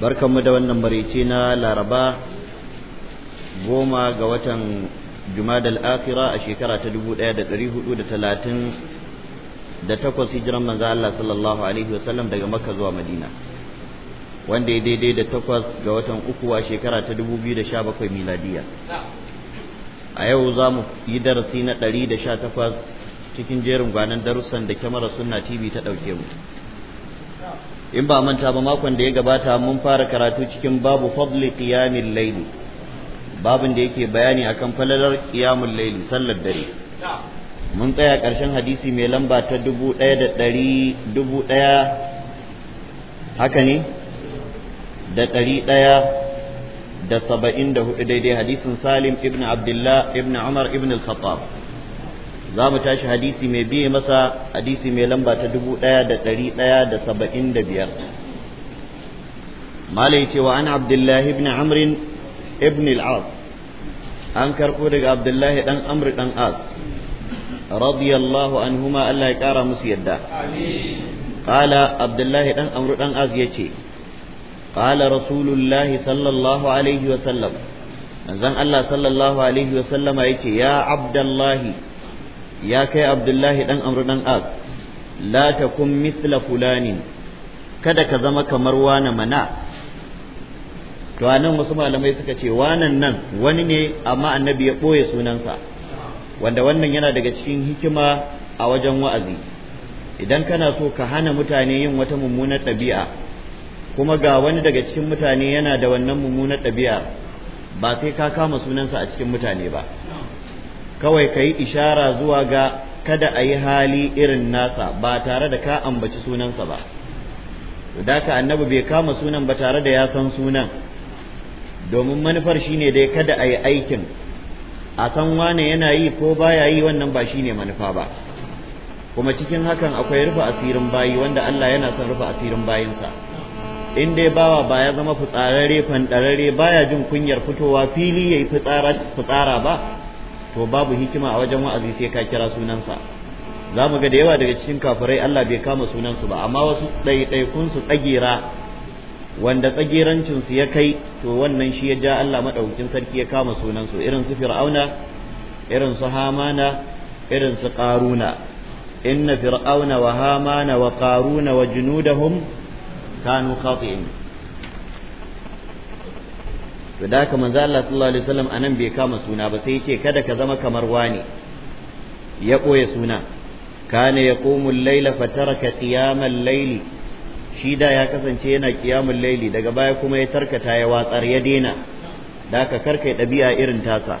barkanmu da wannan maraice na laraba goma ga watan jumadal akira a shekara ta dubu ɗaya da dari hudu da talatin da takwas hijiran manzo Allah sallallahu alaihi wasallam daga makka zuwa madina wanda ya daidai da takwas ga watan uku a shekara ta dubu biyu da sha bakwai miladiya a yau za mu yi darasi na dari da sha takwas cikin jerin gwanan darussan da kyamara sunna tv ta ɗauke mu in ba manta ba makon da ya gabata mun fara karatu cikin babu fadli qiyamil layl babin da yake bayani akan falalar qiyamul layl sallar dare mun tsaya karshen hadisi mai lamba ta dubu ɗaya da ɗari dubu ɗaya haka ne da ɗari ɗaya da saba'in da hudu daidai hadisin salim ibn abdullah ibn umar ibn al-khattab za mu tashi hadisi mai biye masa hadisi mai lamba ta dubu ɗaya da ɗari ɗaya da saba'in da biyar malai cewa an abdullahi ibn amrin ibn al-as an karɓo daga abdullahi ɗan amr ɗan as radiyallahu anhuma Allah ya ƙara musu yadda qala abdullahi ɗan amr ɗan as ce qala rasulullahi sallallahu alaihi wa sallam zan Allah sallallahu alaihi wa sallama yace ya abdullahi ya kai abdullahi ɗan amru dan as la takun mithla fulanin kada ka zama kamar wani mana to anan wasu malamai suka ce wanan nan wani ne amma annabi ya ɓoye sunansa wanda wannan yana daga cikin hikima a wajen wa'azi idan kana so ka hana mutane yin wata mummunar ɗabi'a kuma ga wani daga cikin mutane yana da wannan mummunar ɗabi'a ba sai ka kama sunansa a cikin mutane ba kawai ka yi ishara zuwa ga kada a yi hali irin nasa ba tare da ka ambaci sunansa ba da ka annabi bai kama sunan ba tare da ya san sunan domin manufar shine dai kada a yi aikin a san wane yana yi ko baya yi wannan ba shine manufa ba kuma cikin hakan akwai rufe asirin bayi wanda Allah yana son rufe asirin bayinsa in dai bawa ba ya zama fitsararre fandararre baya jin kunyar fitowa fili yayi fitsara fitsara ba to babu hikima a wajen wa'azi sai ka kira sunansa za mu ga da yawa daga cikin kafirai Allah bai kama sunansu ba amma wasu ɗaiɗaikun su tsagira wanda tsagerancinsu ya kai to wannan shi ya ja Allah maɗaukin sarki ya kama sunansu irin su fir'auna irin su hamana irin su ƙaruna inna fir'auna wa hamana wa ƙaruna wa junudahum kanu khati'in to da haka manzo Allah sallallahu alaihi wasallam anan bai kama suna ba sai yace kada ka zama kamar wani ya koya suna kana ya al-laila fataraka qiyam al-laili shi da ya kasance yana qiyamul laili daga baya kuma ya tarkata ya watsar ya dena da haka karkai dabi'a irin tasa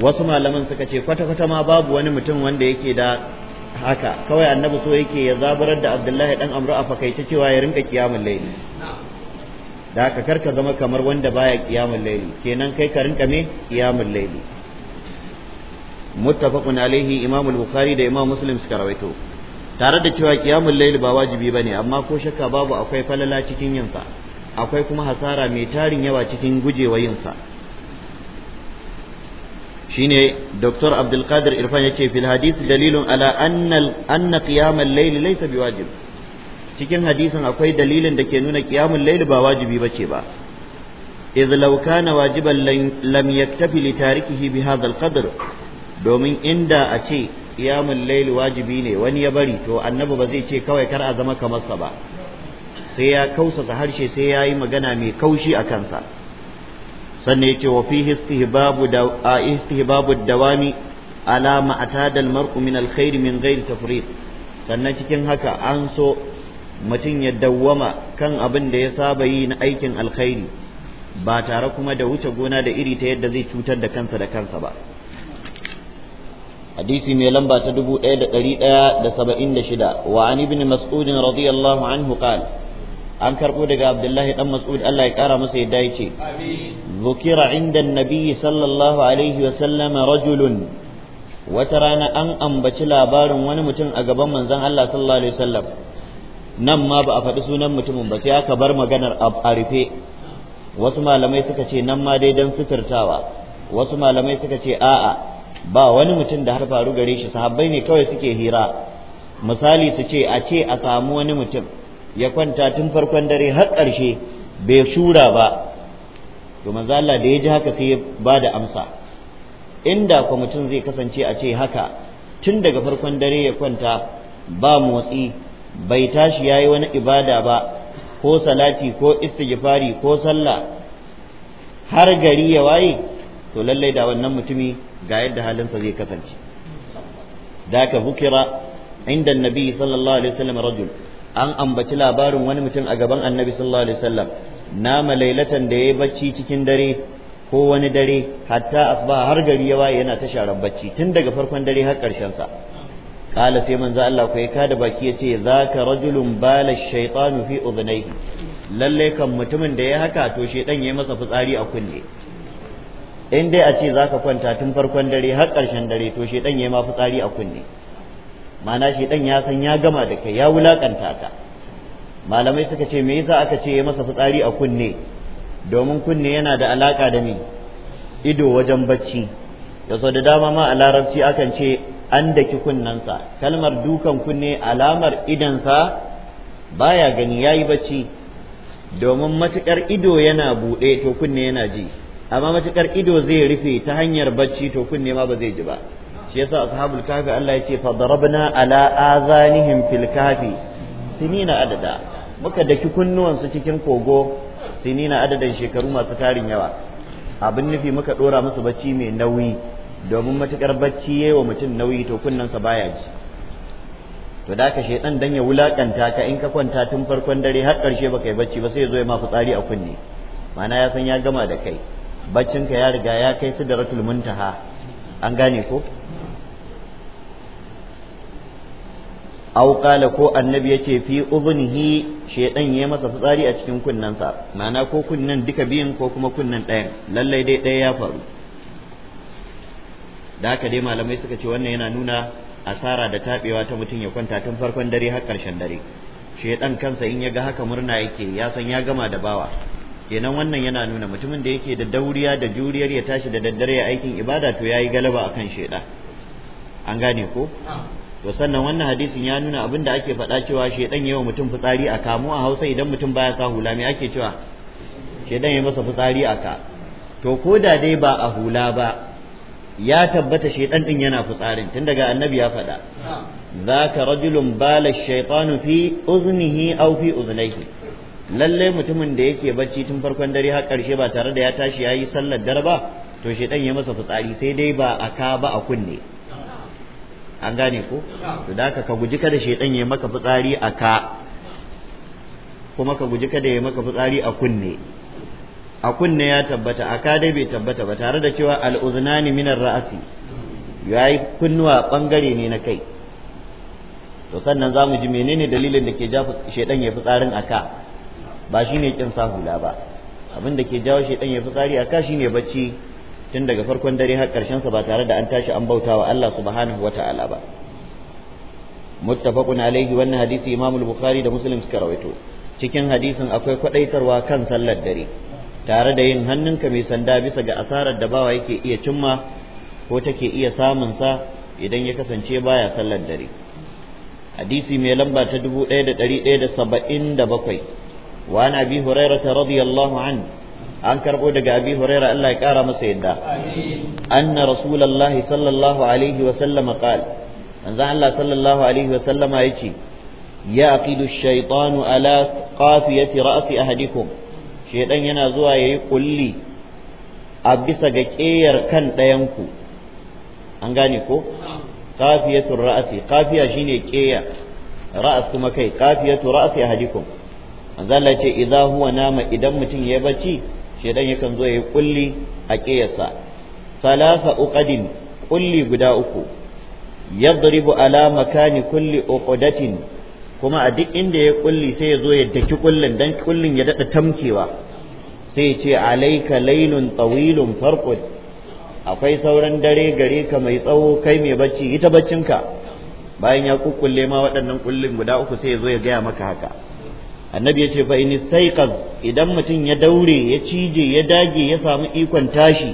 wasu malaman suka ce kwata kwata ma babu wani mutum wanda yake da haka kawai annabi so yake ya zabarar da Abdullahi dan Amru a fakaice cewa ya rinka qiyamul laili da haka karka zama kamar wanda baya kiyamun laili, kenan kai ka rinka me kiyamun laili. muttafaqun alaihi imam al-bukhari da imam muslim suka rawaito tare da cewa kiyamun laili ba wajibi bane amma ko shakka babu akwai falala cikin yinsa akwai kuma hasara mai tarin yawa cikin gujewa yinsa shine Dr. Abdul Qadir Irfan yace fil hadith dalilun ala anna anna qiyam al-layl laysa biwajib cikin hadisin akwai dalilin da ke nuna qiyamul layl ba wajibi bace ba iz law kana wajiban lam yaktafi li tarikihi bi hadha al domin inda a ce qiyamul layl wajibi ne wani ya bari to annabi ba zai ce kawai kar a zama kamar sa ba sai ya kausasa harshe sai ya yi magana mai kaushi a kansa sannan ya ce wa fi istihbabu dawami alama atadal al-mar'u min al min ghairi tafrid sannan cikin haka an so mutum ya dawwama kan abin da ya saba yi na aikin alkhairi ba tare kuma da wuce gona da iri ta yadda zai cutar da kansa da kansa ba hadisi mai lamba ta dubu ɗaya da ɗari ɗaya da saba'in da shida wa an ibn radiyallahu anhu qala an karɓo daga abdullahi dan mas'ud Allah ya ƙara masa yadda ya ce zukira inda nabiyyi sallallahu alaihi wa sallama rajulun wata rana an ambaci labarin wani mutum a gaban manzon Allah sallallahu alaihi wasallam nan ma ba a faɗi sunan mutumin ba sai aka bar maganar a rufe wasu malamai suka ce nan ma dai don suturtawa wasu malamai suka ce a'a ba wani mutum da har faru gare shi sahabbai ne kawai suke hira misali su ce a ce a samu wani mutum ya kwanta tun farkon dare har ƙarshe bai shura ba to Allah da ya ji haka sai ya ba da amsa inda kwa mutum zai kasance a ce haka tun daga farkon dare ya kwanta ba motsi bai tashi ya yi wani ibada ba ko salati ko istighfari ko sallah har gari ya waye to lallai da wannan mutumi ga yadda halinsa zai kasance da ka bukira inda annabi sallallahu alaihi wasallam rajul an ambaci labarin wani mutum a gaban annabi sallallahu alaihi wasallam nama lailatan da ya bacci cikin dare ko wani dare hatta asba har gari ya waye yana ta sharar bacci tun daga farkon dare har ƙarshen sa qala sai manzo Allah ko ya kada baki ya yace zaka rajulun bala shaytanu fi udhnayhi lalle kan mutumin da ya haka to shedan yayi masa fitsari a kunne in dai a ce zaka kwanta tun farkon dare har karshen dare to shedan yayi ma fitsari a kunne ma'ana shedan ya san ya gama da kai ya wulakanta ta. malamai suka ce me yasa aka ce yayi masa fitsari a kunne domin kunne yana da alaka da me ido wajen bacci da da dama ma a larabci akan ce an daki kunnensa kalmar dukan kunne alamar idansa baya gani yayi bacci domin matukar ido yana buɗe to kunne yana ji amma matukar ido zai rufe ta hanyar bacci to kunne ma ba zai ji ba shi yasa ashabul kahfi Allah yake fa darabna ala azanihim fil kahfi sinina adada muka daki kunnuwan su cikin kogo sinina adadan shekaru masu tarin yawa abin nufi muka dora musu bacci mai nauyi domin matuƙar bacci yayi wa mutum nauyi to kunnensa baya ji to da ka shedan dan ya wulakanta ka in ka kwanta tun farkon dare har karshe baka yi bacci ba sai ya zo ya ma fitsari a kunne mana ya san ya gama da kai baccinka ya riga ya kai su da ratul muntaha an gane ko aw ko annabi ya ce fi udhnihi shedan ya yi masa fitsari a cikin kunnensa mana ko kunnen duka biyun ko kuma kunnen ɗayan lallai dai ɗaya ya faru da haka dai malamai suka ce wannan yana nuna asara da tabewa ta mutum ya kwanta tun farkon dare har karshen dare shaiɗan kansa in ya ga haka murna yake ya san ya gama da bawa kenan wannan yana nuna mutumin da yake da dauriya da juriyar ya tashi da daddare aikin ibada to yayi galaba akan sheda an gane ko to sannan wannan hadisin ya nuna abin da ake faɗa cewa shedan yawa mutum fitsari a kamu a Hausa idan mutum baya sa hula me ake cewa shedan ya masa fitsari a ka to ko da dai ba a hula ba ya tabbata shaitan din yana fitsarin tun daga annabi ya faɗa ka rajulun bala shaytanu fi uznihi aw fi uznaihi lalle mutumin da yake bacci tun farkon dare har karshe ba tare da ya tashi yayi sallar dare ba to shaitan ya masa fitsari sai dai ba a ba a kunne an gane ko to da ka guji kada shaitan ya maka fitsari a ka kuma ka guji kada ya maka fitsari a kunne a kunne ya tabbata a kada bai tabbata ba tare da cewa al'uzunani minar ra'asi ya yi kunnuwa bangare ne na kai to sannan za mu ji menene dalilin da ke ja shaidan ya a aka ba shine kin sa hula ba abin da ke jawo shaidan ya ka aka shine bacci tun daga farkon dare har karshen sa ba tare da an tashi an bauta wa Allah subhanahu wata'ala ba muttafaqun alaihi wannan hadisi imamul bukhari da Muslim suka rawaito cikin hadisin akwai kwadaitarwa kan sallar dare tare da yin hannunka mai sanda bisa ga asarar da bawa yake iya cimma ko take iya samun sa idan ya kasance baya sallar dare hadisi mai lamba ta 1177 wa an abi ta radiyallahu anhu an karbo daga abi huraira Allah ya kara masa yadda anna rasulullahi sallallahu alaihi wa sallama qal manzo Allah sallallahu alaihi wa sallama yace ya aqidu ash-shaytanu ala qafiyati ra'si ahadikum shedan yana zuwa ya yi kulli a bisa ga ƙeyar kan ɗayanku an gane ko kafiyatun ra'asi kafiya shine ƙeya ra'as kuma kai kafiyatun ra'asi ahadikum manzala ce idza huwa nama idan mutum ya bacci shedan yakan zo yi kulli a ƙeyarsa salasa uqadin kulli guda uku yadribu ala makani kulli uqdatin kuma a duk inda ya kulli sai ya zo ya daki kullin dan kullin ya dada tamkewa sai ce alaika lailun tawilun farqud akwai sauran dare gare ka mai tsawo kai mai bacci ita ka bayan ya kukkulle ma waɗannan kullin guda uku sai ya zo ya gaya maka haka annabi ya ce fa in istaiqaz idan mutum ya daure ya cije ya dage ya samu ikon tashi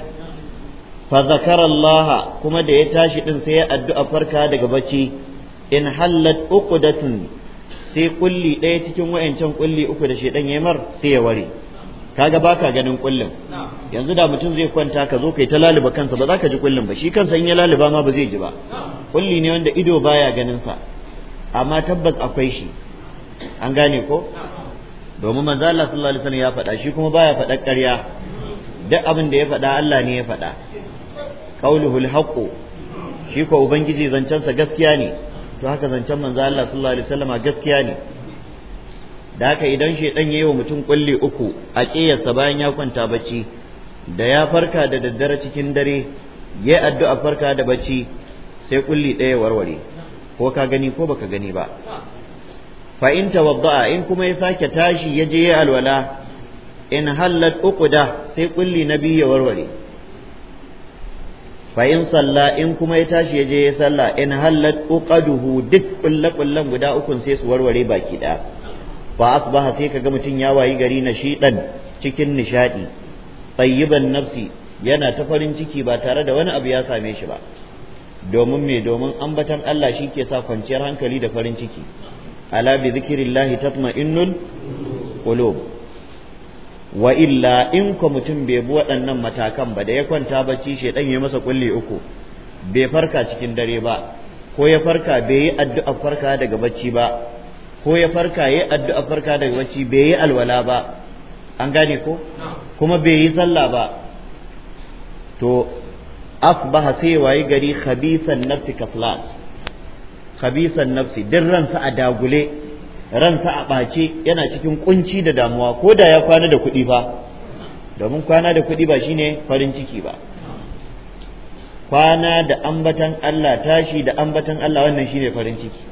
fa zakara Allah kuma da ya tashi din sai ya addu'a farka daga bacci in hallat uqdatun sai kulli ɗaya cikin wayancan kulli uku da shedan yamar sai ya ware kaga baka ganin kullum yanzu da mutum zai kwanta ka zo kai ta laluba kansa ba za ka ji kullum ba shi kansa in ya laluba ma ba zai ji ba kulli ne wanda ido baya ganin sa amma tabbas akwai shi an gane ko domin manzo Allah sallallahu alaihi wasallam ya faɗa shi kuma baya faɗa ƙarya duk abin da ya faɗa Allah ne ya faɗa qauluhu haqq shi ko ubangiji zancensa gaskiya ne to haka zancen manzo Allah sallallahu alaihi wasallam gaskiya ne da haka idan shi ya yi wa mutum kulli uku a ƙeyarsa bayan ya kwanta bacci da ya farka da daddare cikin dare ya addu'a farka da bacci sai kulli ɗaya warware ko ka gani ko baka gani ba fa in tawadda'a in kuma ya sake tashi ya je ya alwala in hallat uquda sai kulli na biyu ya warware fa in salla in kuma ya tashi ya je ya salla in hallat uqaduhu duk kullakullan guda ukun sai su warware baki ɗaya fa asbaha sai kaga mutum ya wayi gari na shidan cikin nishadi tayyiban nafsi yana ta farin ciki ba tare da wani abu ya same shi ba domin me domin ambatan Allah shi ke sa kwanciyar hankali da farin ciki ala bi zikrillahi tatma'innul qulub wa illa in ko mutum bai bi waɗannan matakan ba da ya kwanta bacci shedan ya masa kulli uku bai farka cikin dare ba ko ya farka bai yi addu'a farka daga bacci ba ko ya farka yayi addu'a farka daga bacci bai yi alwala ba an gane ko kuma bai yi sallah ba to asbaha sai wayi gari khabisan nafsi kaflas khabisan nafsi din ransa a dagule ransa a ɓace yana cikin kunci da damuwa ko da ya kwana da kuɗi ba domin kwana da kuɗi ba shine farin ciki ba kwana da ambatan Allah tashi da ambatan Allah wannan shine farin ciki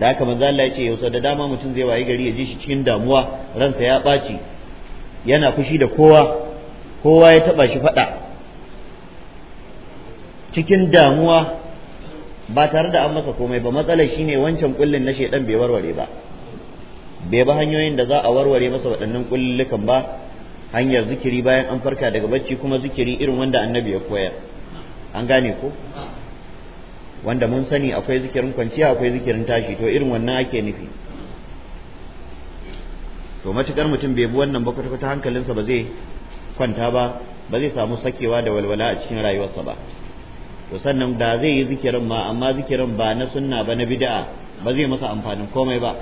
da haka manzo Allah ya ce yau da dama mutum zai wayi gari ya ji shi cikin damuwa ransa ya ɓaci yana fushi da kowa kowa ya taba shi faɗa cikin damuwa ba tare da an masa komai ba matsalar shine wancan kullin na shaidan bai warware ba bai ba hanyoyin da za a warware masa waɗannan kullulukan ba hanyar zikiri bayan an farka daga bacci kuma zikiri irin wanda annabi ya koyar an gane ko wanda mun sani akwai zikirin kwanciya akwai zikirin tashi to irin wannan ake nufi to matukar mutum bai bi wannan ba kwata-kwata hankalinsa ba zai kwanta ba ba zai samu sakewa da walwala a cikin rayuwarsa ba to sannan da zai yi zikirin ma amma zikirin ba na sunna ba na bid'a ba zai masa amfanin komai ba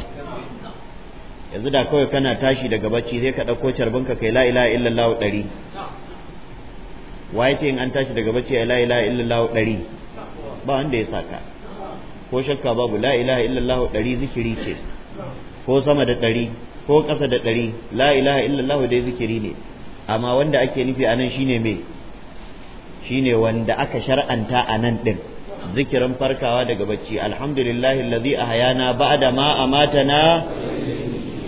yanzu da kawai kana tashi daga bacci sai ka ɗauko carbinka kai la ilaha illallah ɗari waye ce in an tashi daga bacci ya la ilaha illallah ɗari ba wanda ya saka ko shakka babu la ilaha illallah ɗari zikiri ce ko sama da ɗari ko ƙasa da ɗari la ilaha illallah dai zikiri ne amma wanda ake nufi a nan shine me shine wanda aka shar'anta a nan ɗin zikirin farkawa daga bacci alhamdulillahi allazi ahyana ba'da ma amatana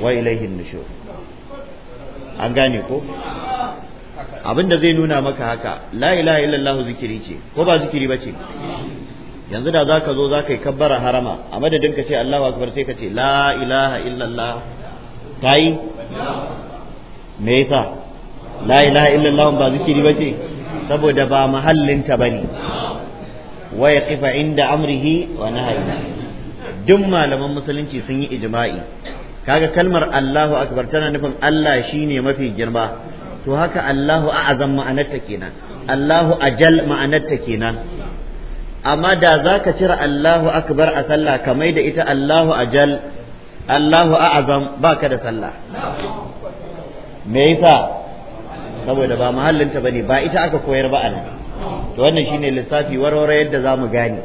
wa ilayhi nushur an gane ko abinda zai nuna maka haka la ilaha illallah zikiri ce ko ba zikiri bace yanzu da za ka zo ka yi kabbara harama a madadin ka ce Allahu akbar sai ka ce la ilaha illallah Ta kai me yasa la ilaha illallah ba zikiri bace saboda ba mahallin ta bane wa kifa inda amrihi wa nahyihi duk malaman musulunci sun yi ijma'i kaga kalmar Allahu akbar tana nufin Allah shine mafi girma to haka Allahu a'azam ma'anarta kenan Allahu ajal ma'anarta kenan amma da za ka cire Allahu akbar a sallah ka da ita Allahu ajal Allahu a'azam ka da sallah me yasa saboda ba mahallinta bane ba ita aka koyar ba anan to wannan shine lissafi warware yadda za mu gane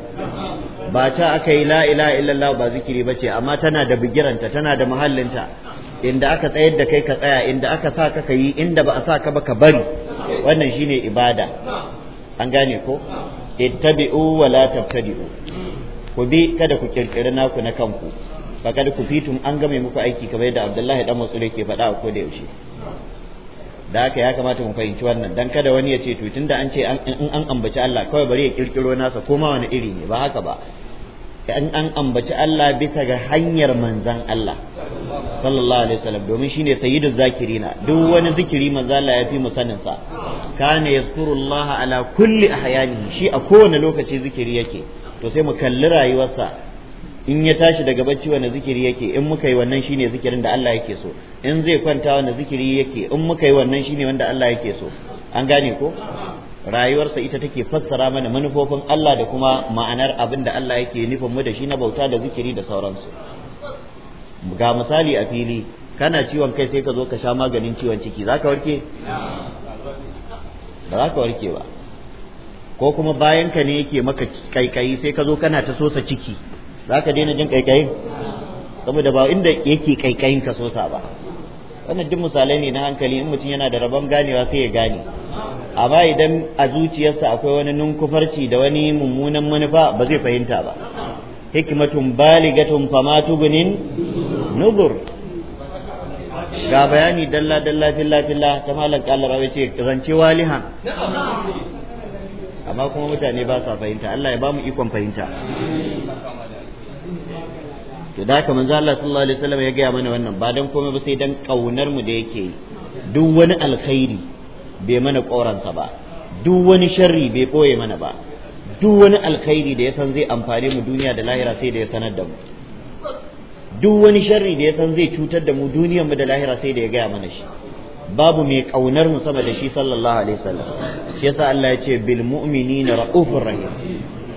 ba ta aka yi la ilaha illallah ba zikiri bace amma tana da bigiranta tana da mahallinta inda aka tsayar da kai ka tsaya inda aka sa ka kai inda ba a sa ka ba ka bari wannan shine ibada an gane ko ittabi'u wa la tabtadi'u ku bi kada ku kirkiri naku na kanku kada ku fitum an game muku aiki kamar yadda Abdullahi dan Mas'ud yake faɗa a koda yaushe da haka ya kamata mu fahimci wannan dan kada wani ya ce to tunda an ce in an ambaci Allah kawai bari ya kirkiro nasa ko ma wani iri ne ba haka ba in an ambaci Allah bisa ga hanyar manzan Allah sallallahu alaihi wasallam domin shine sayyidul zakirina duk wani zikiri maza Allah ya fi mu sanin sa kana yazkurullaha ala kulli ahyani shi a kowane lokaci zikiri yake to sai mu kalli rayuwarsa in ya tashi daga bacci wani zikiri yake in muka yi wannan shine zikirin da Allah yake so in zai kwanta wani zikiri yake in muka yi wannan shine wanda Allah yake so an gane ko rayuwarsa ita take fassara mana manufofin Allah da kuma ma'anar abin da Allah yake nufin mu da shi na bauta da zikiri da sauransu ga misali a fili kana ciwon kai sai ka zo ka sha maganin ciwon ciki za ka warke ba za ka warke ba ko kuma bayan ka ne yake maka kaikayi sai ka zo kana ta sosa ciki za ka daina jin kaikayin saboda ba inda yake kaikayin ka sosa ba wannan duk misalai ne na hankali in mutum yana da rabon ganewa sai ya gane amma idan a zuciyarsa akwai wani nunkufarci da wani mummunan manufa ba zai fahimta ba hikmatun baligatun fama tugunin nubur ga bayani dalla dalla filla filla ta malam kallar ce zance walihan amma kuma mutane ba sa fahimta Allah ya ba mu ikon fahimta to da haka manzo Allah sallallahu alaihi wasallam ya gaya mana wannan ba dan komai ba sai dan kaunar mu da yake duk wani alkhairi bai mana ƙoransa ba duk wani sharri bai ɓoye mana ba duk wani alkhairi da ya san zai amfani mu duniya da lahira sai da ya sanar da mu duk wani sharri da ya san zai cutar da mu duniyar mu da lahira sai da ya gaya mana shi babu mai kaunar mu sama da shi sallallahu alaihi wasallam shi yasa Allah ya ce bil mu'minina raufur rahim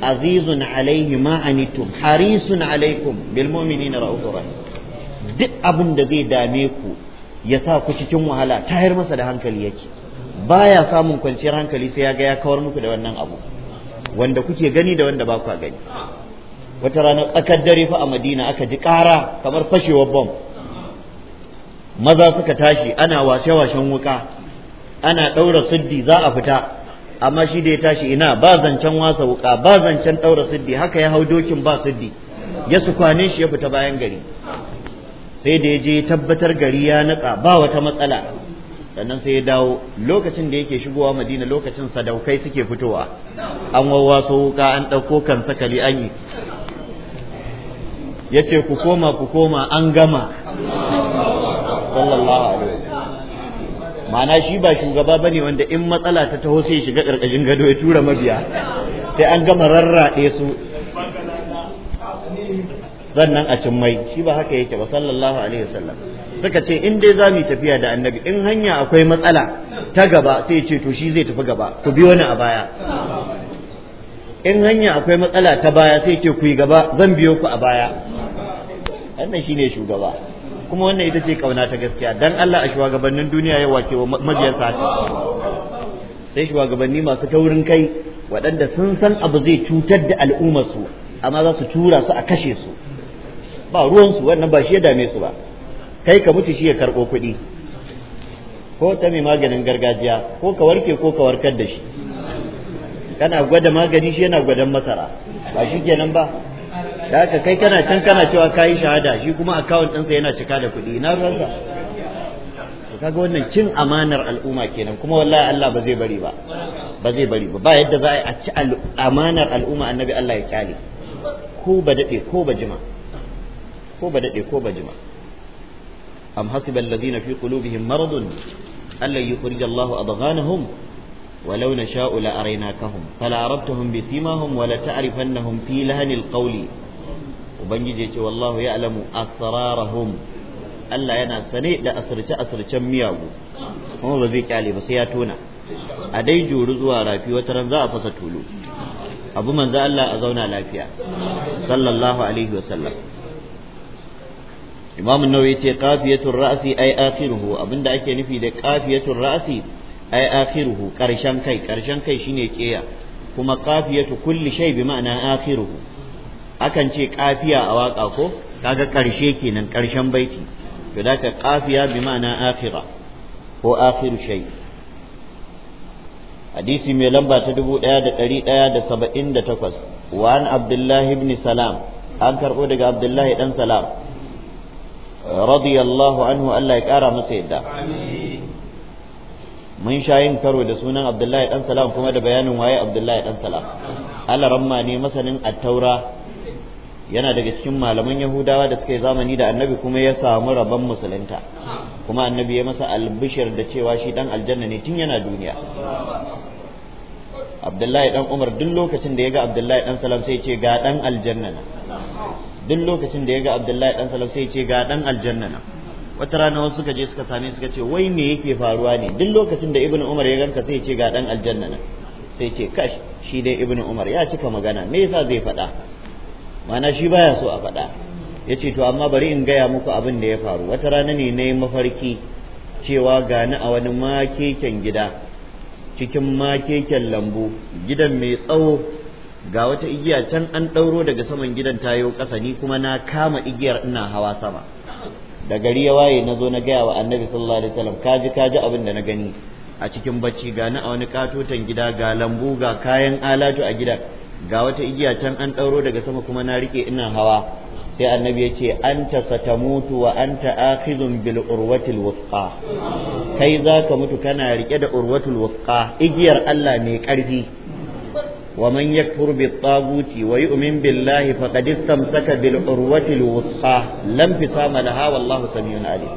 azizun alaihi ma anittum harisun alaikum bil mu'minina raufur rahim duk abin da zai dame ku ya sa ku cikin wahala tayar masa da hankali yake baya samun kwanciyar hankali sai ya ga ya kawar muku da wannan abu wanda kuke gani da wanda ba ku gani wata rana tsakar dare fa a Madina aka ji ƙara kamar fashewar bom maza suka tashi ana washe washen wuka ana ɗaura siddi za a fita amma shi da ya tashi ina ba zancen wasa wuka ba zancen ɗaura siddi haka ya hau dokin ba siddi ya su kwane shi ya fita bayan gari sai da ya je tabbatar gari ya natsa ba wata matsala sannan sai ya dawo lokacin da yake shigowa madina lokacin sadaukai suke fitowa an wawwaso wuka an ɗauko kan sakali an yi ya ce ku koma ku koma an gama sallallahu ma'ana shi ba shugaba ba ne wanda in matsala ta taho sai shiga ƙarƙashin gado ya tura mabiya sai an gama rarraɗe su sannan a mai shi ba haka yake ba sallallahu alaihi wasallam suka ce in dai za mu tafiya da annabi in hanya akwai matsala ta gaba sai ce to shi zai tafi gaba ku bi wani a baya in hanya akwai matsala ta baya sai ce ku yi gaba zan biyo ku a baya wannan shine shugaba kuma wannan ita ce kauna ta gaskiya dan Allah a shugabannin duniya ya wace wa mabiyansa sai shugabanni masu taurin kai waɗanda sun san abu zai cutar da al'ummarsu amma za su tura su a kashe su ba ruwansu wannan ba shi ya dame su ba kai ka mutu shi ya karɓo kuɗi ko ta mai maganin gargajiya ko ka warke ko ka warkar da shi kana gwada magani shi yana gwadan masara ba shi kenan ba da haka kai kana can kana cewa ka yi shahada shi kuma akawun ɗansa yana cika da kuɗi na ruwansa kaga wannan cin amanar al'umma kenan kuma wallahi Allah ba zai bari ba ba zai bari ba ba yadda za a yi a ci amanar al'umma annabi Allah ya kyale ko ba daɗe ko ba jima ko ba daɗe ko ba jima am hasiba alladhina fi qulubihim maradun allan yukhrij Allahu adghanahum ولو نشاء لأريناكهم فلعرفتهم بسيماهم ولتعرفنهم في لهن القول وبنجي والله يعلم أسرارهم Allah yana sane da asirce-asircen miyagu kuma ba zai kyale ba sai ya tona a dai juri zuwa rafi wata ran za a fasa tulu abu manzo Allah a zauna lafiya sallallahu alaihi wa sallam imam an-nawawi ce qafiyatur ra'si ay akhiruhu abinda ake nufi da qafiyatur ra'si ay akhiruhu karshen kai karshen kai shine keya kuma qafiyatu kulli shay bi ma'ana akhiruhu akan ce qafiya a waka ko kaga karshe kenan karshen baiti to da ka qafiya bi ma'ana akhira ko akhiru shay hadisi mai lamba ta dubu daya da dari daya da saba'in da takwas wa an abdullahi ibn salam an karɓo daga abdullahi ɗan salam radiyallahu anhu Allah ya kara masa yadda mun sha yin karo da sunan Abdullahi dan Salam kuma da bayanin waye Abdullahi dan Salam Allah ramma ne masanin at-taura yana daga cikin malaman Yahudawa da suka yi zamani da Annabi kuma ya samu rabon musulunta kuma Annabi ya masa albishir da cewa shi dan aljanna ne tun yana duniya Abdullahi dan Umar duk lokacin da ya ga Abdullahi dan Salam sai ya ce ga dan aljanna duk lokacin da ya ga abdullahi dan salam sai ce ga dan aljanna wata rana wasu suka je suka same suka ce wai me yake faruwa ne duk lokacin da ibnu umar ya ganka sai ce ga dan aljanna sai ce kash shi dai ibnu umar ya cika magana me yasa zai faɗa ma'ana shi baya so a faɗa ya ce to amma bari in gaya muku abin da ya faru wata rana ne na yi mafarki cewa gani a wani makeken gida cikin makeken lambu gidan mai tsawo ga wata igiya can an ɗauro daga saman gidan tayo ƙasa ni kuma na kama igiyar ina hawa sama da gari ya waye na zo na gaya wa annabi sallallahu alaihi wasallam kaji kaji abin da na gani a cikin bacci ga ni a wani katotan gida ga lambu ga kayan alatu a gidan ga wata igiya can an ɗauro daga sama kuma na rike ina hawa sai annabi ya ce anta satamutu wa anta akhidhun bil urwatil wuthqa kai za ka mutu kana rike da urwatul wuthqa igiyar Allah mai ƙarfi ومن يكفر بالطاغوت ويؤمن بالله فقد استمسك بالعروة الوثقى لم فصام لها والله سميع عليم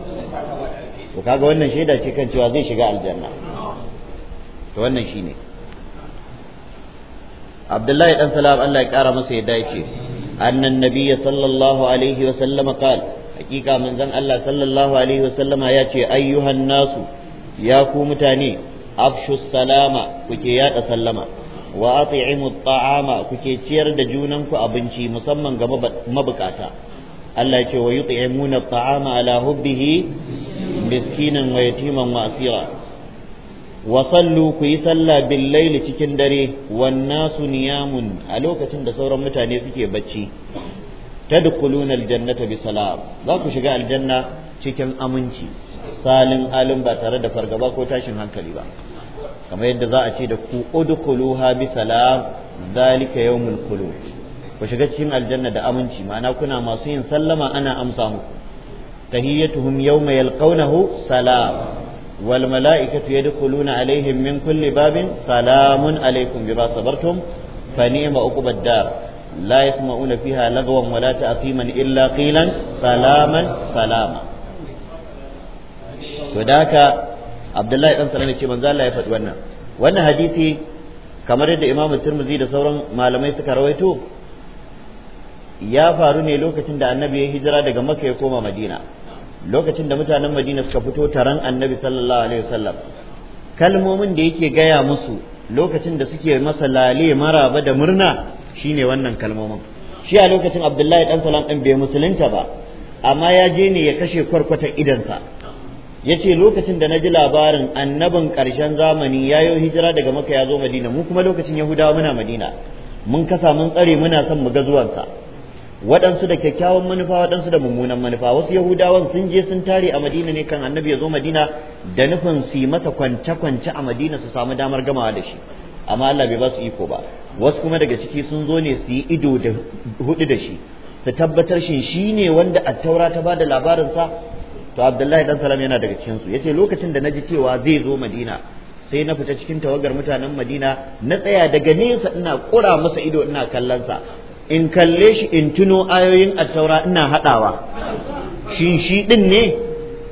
وكاga wannan shaida ce cewa zai shiga aljanna Abdullahi dan Salam Allah ya kara masa ya dace annan nabiyyi sallallahu alaihi wa sallam qala hakika manzon Allah sallallahu alaihi wa sallama ya ce ayyuhan nasu ya ku mutane afshu salama kuke yada sallama wa at'imu at'ama kuke ciyar da junanku abinci musamman ga mabukata Allah ce wa yut'imuna at'ama ala hubbihi miskinan wa yatiman wa asira wa sallu ku yi sallah bil layli cikin dare wan nasu niyamun a lokacin da sauran mutane suke bacci tadkhuluna jannata bi salam za ku shiga aljanna cikin aminci salin alin ba tare da fargaba ko tashin hankali ba kamar yadda za a ce da ku udkhuluha bi salam zalika yawmul khulud ku shiga cikin aljanna da aminci ma'ana kuna masu yin sallama ana amsa muku tahiyyatuhum yawma yalqawnahu salam wal mala'ikatu yadkhuluna alaihim min kulli babin salamun alaikum bima sabartum fa ni'ma uqubad dar la yasma'una fiha lagwan wala ta'thiman illa qilan salaman salama to da haka abdullahi dan salama ce manzo Allah ya faɗi wannan wannan hadisi kamar yadda Imam tirmidhi da sauran malamai suka rawaito ya faru ne lokacin da annabi ya hijira daga makka ya koma madina lokacin da mutanen madina suka fito taron annabi sallallahu alaihi wasallam kalmomin da yake gaya musu lokacin da suke masa lale maraba da murna shine wannan kalmomin shi a lokacin abdullahi dan salam din bai musulunta ba amma ya je ne ya kashe kwarkwata idansa ya ce lokacin da na ji labarin annabin ƙarshen zamani ya yi hijira daga maka ya zo madina mu kuma lokacin yahudawa muna madina mun kasa mun tsare muna son mu ga zuwansa waɗansu da kyakkyawan manufa waɗansu da mummunan manufa wasu yahudawan sun je sun tare a madina ne kan annabi ya zo madina da nufin su yi masa kwance-kwance a madina su samu damar gamawa da shi amma Allah bai ba su iko ba wasu kuma daga ciki sun zo ne su yi ido da hudu da shi su tabbatar shin shi ne wanda attaura ta ba da labarinsa to abdullahi dan salam yana daga cikin su yace lokacin da naji cewa zai zo madina sai na fita cikin tawagar mutanen madina na tsaya daga nesa ina kura masa ido ina kallon sa in kalle shi in tuno ayoyin taura ina hadawa shin shi din ne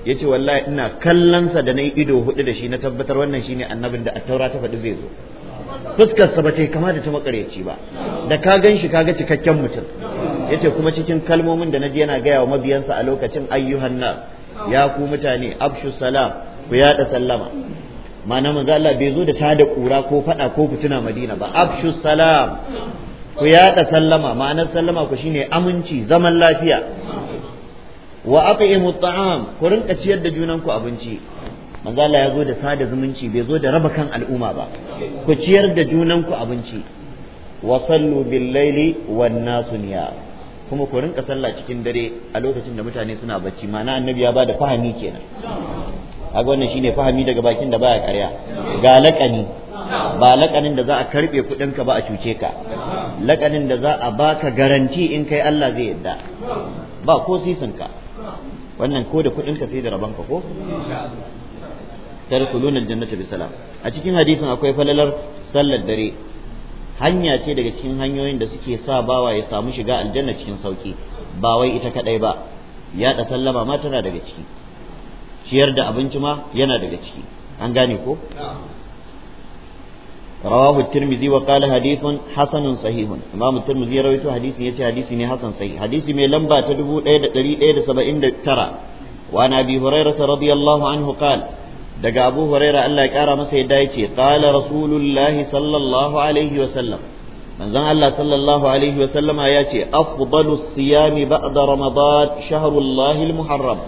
yace wallahi ina kallon sa da nayi ido hudu da shi na tabbatar wannan shine annabin da taura ta faɗi zai zo fuskar sa bace kama da ta makareci ba da ka gan shi kaga cikakken mutum yace kuma cikin kalmomin da naji yana gaya wa mabiyansa a lokacin ayyuhan nas ya ku mutane abshu salam ku yada sallama ma'ana manzo Allah bai zo da tada kura ko fada ko fituna Madina ba abshu salam ku yada sallama ma'anar sallama ku shine aminci zaman lafiya wa at'imu ta'am ku rinka ciyar da junan ku abinci manzo Allah ya zo da sada zumunci bai zo da raba kan al'umma ba ku ciyar da junan ku abinci wa sallu bil laili wan nasu niyya kuma ku rinka sallah cikin dare a lokacin da mutane suna bacci mana annabi ya bada fahimi kenan kaga wannan shine fahimi daga bakin da baya karya ga laƙani ba laƙanin da za a karɓe kudin ka ba a cuce ka laƙanin da za a baka garanti in kai Allah zai yarda. ba ko sisin ka wannan ko da kudin ka sai da rabon ka ko tarkulun aljannata bisalam a cikin hadisin akwai falalar sallar dare hanya ce daga cikin hanyoyin da suke sa bawa ya samu shiga aljanna cikin sauki ba wai ita kadai ba yaɗa sallama ma tana daga ciki ciyar da abinci ma yana daga ciki an gane ko رواه الترمذي وقال حديث حسن صحيح امام الترمذي رويته حديث يتي حديث ني حسن صحيح حديث مي لمبا ت 1179 وعن ابي هريره رضي الله عنه قال daga abu huraira Allah ya kara masa yadda yace qala rasulullahi sallallahu alaihi wa sallam manzon Allah sallallahu alaihi wa sallama yace afdalu siyami ba'da ramadan shahrullahi almuharram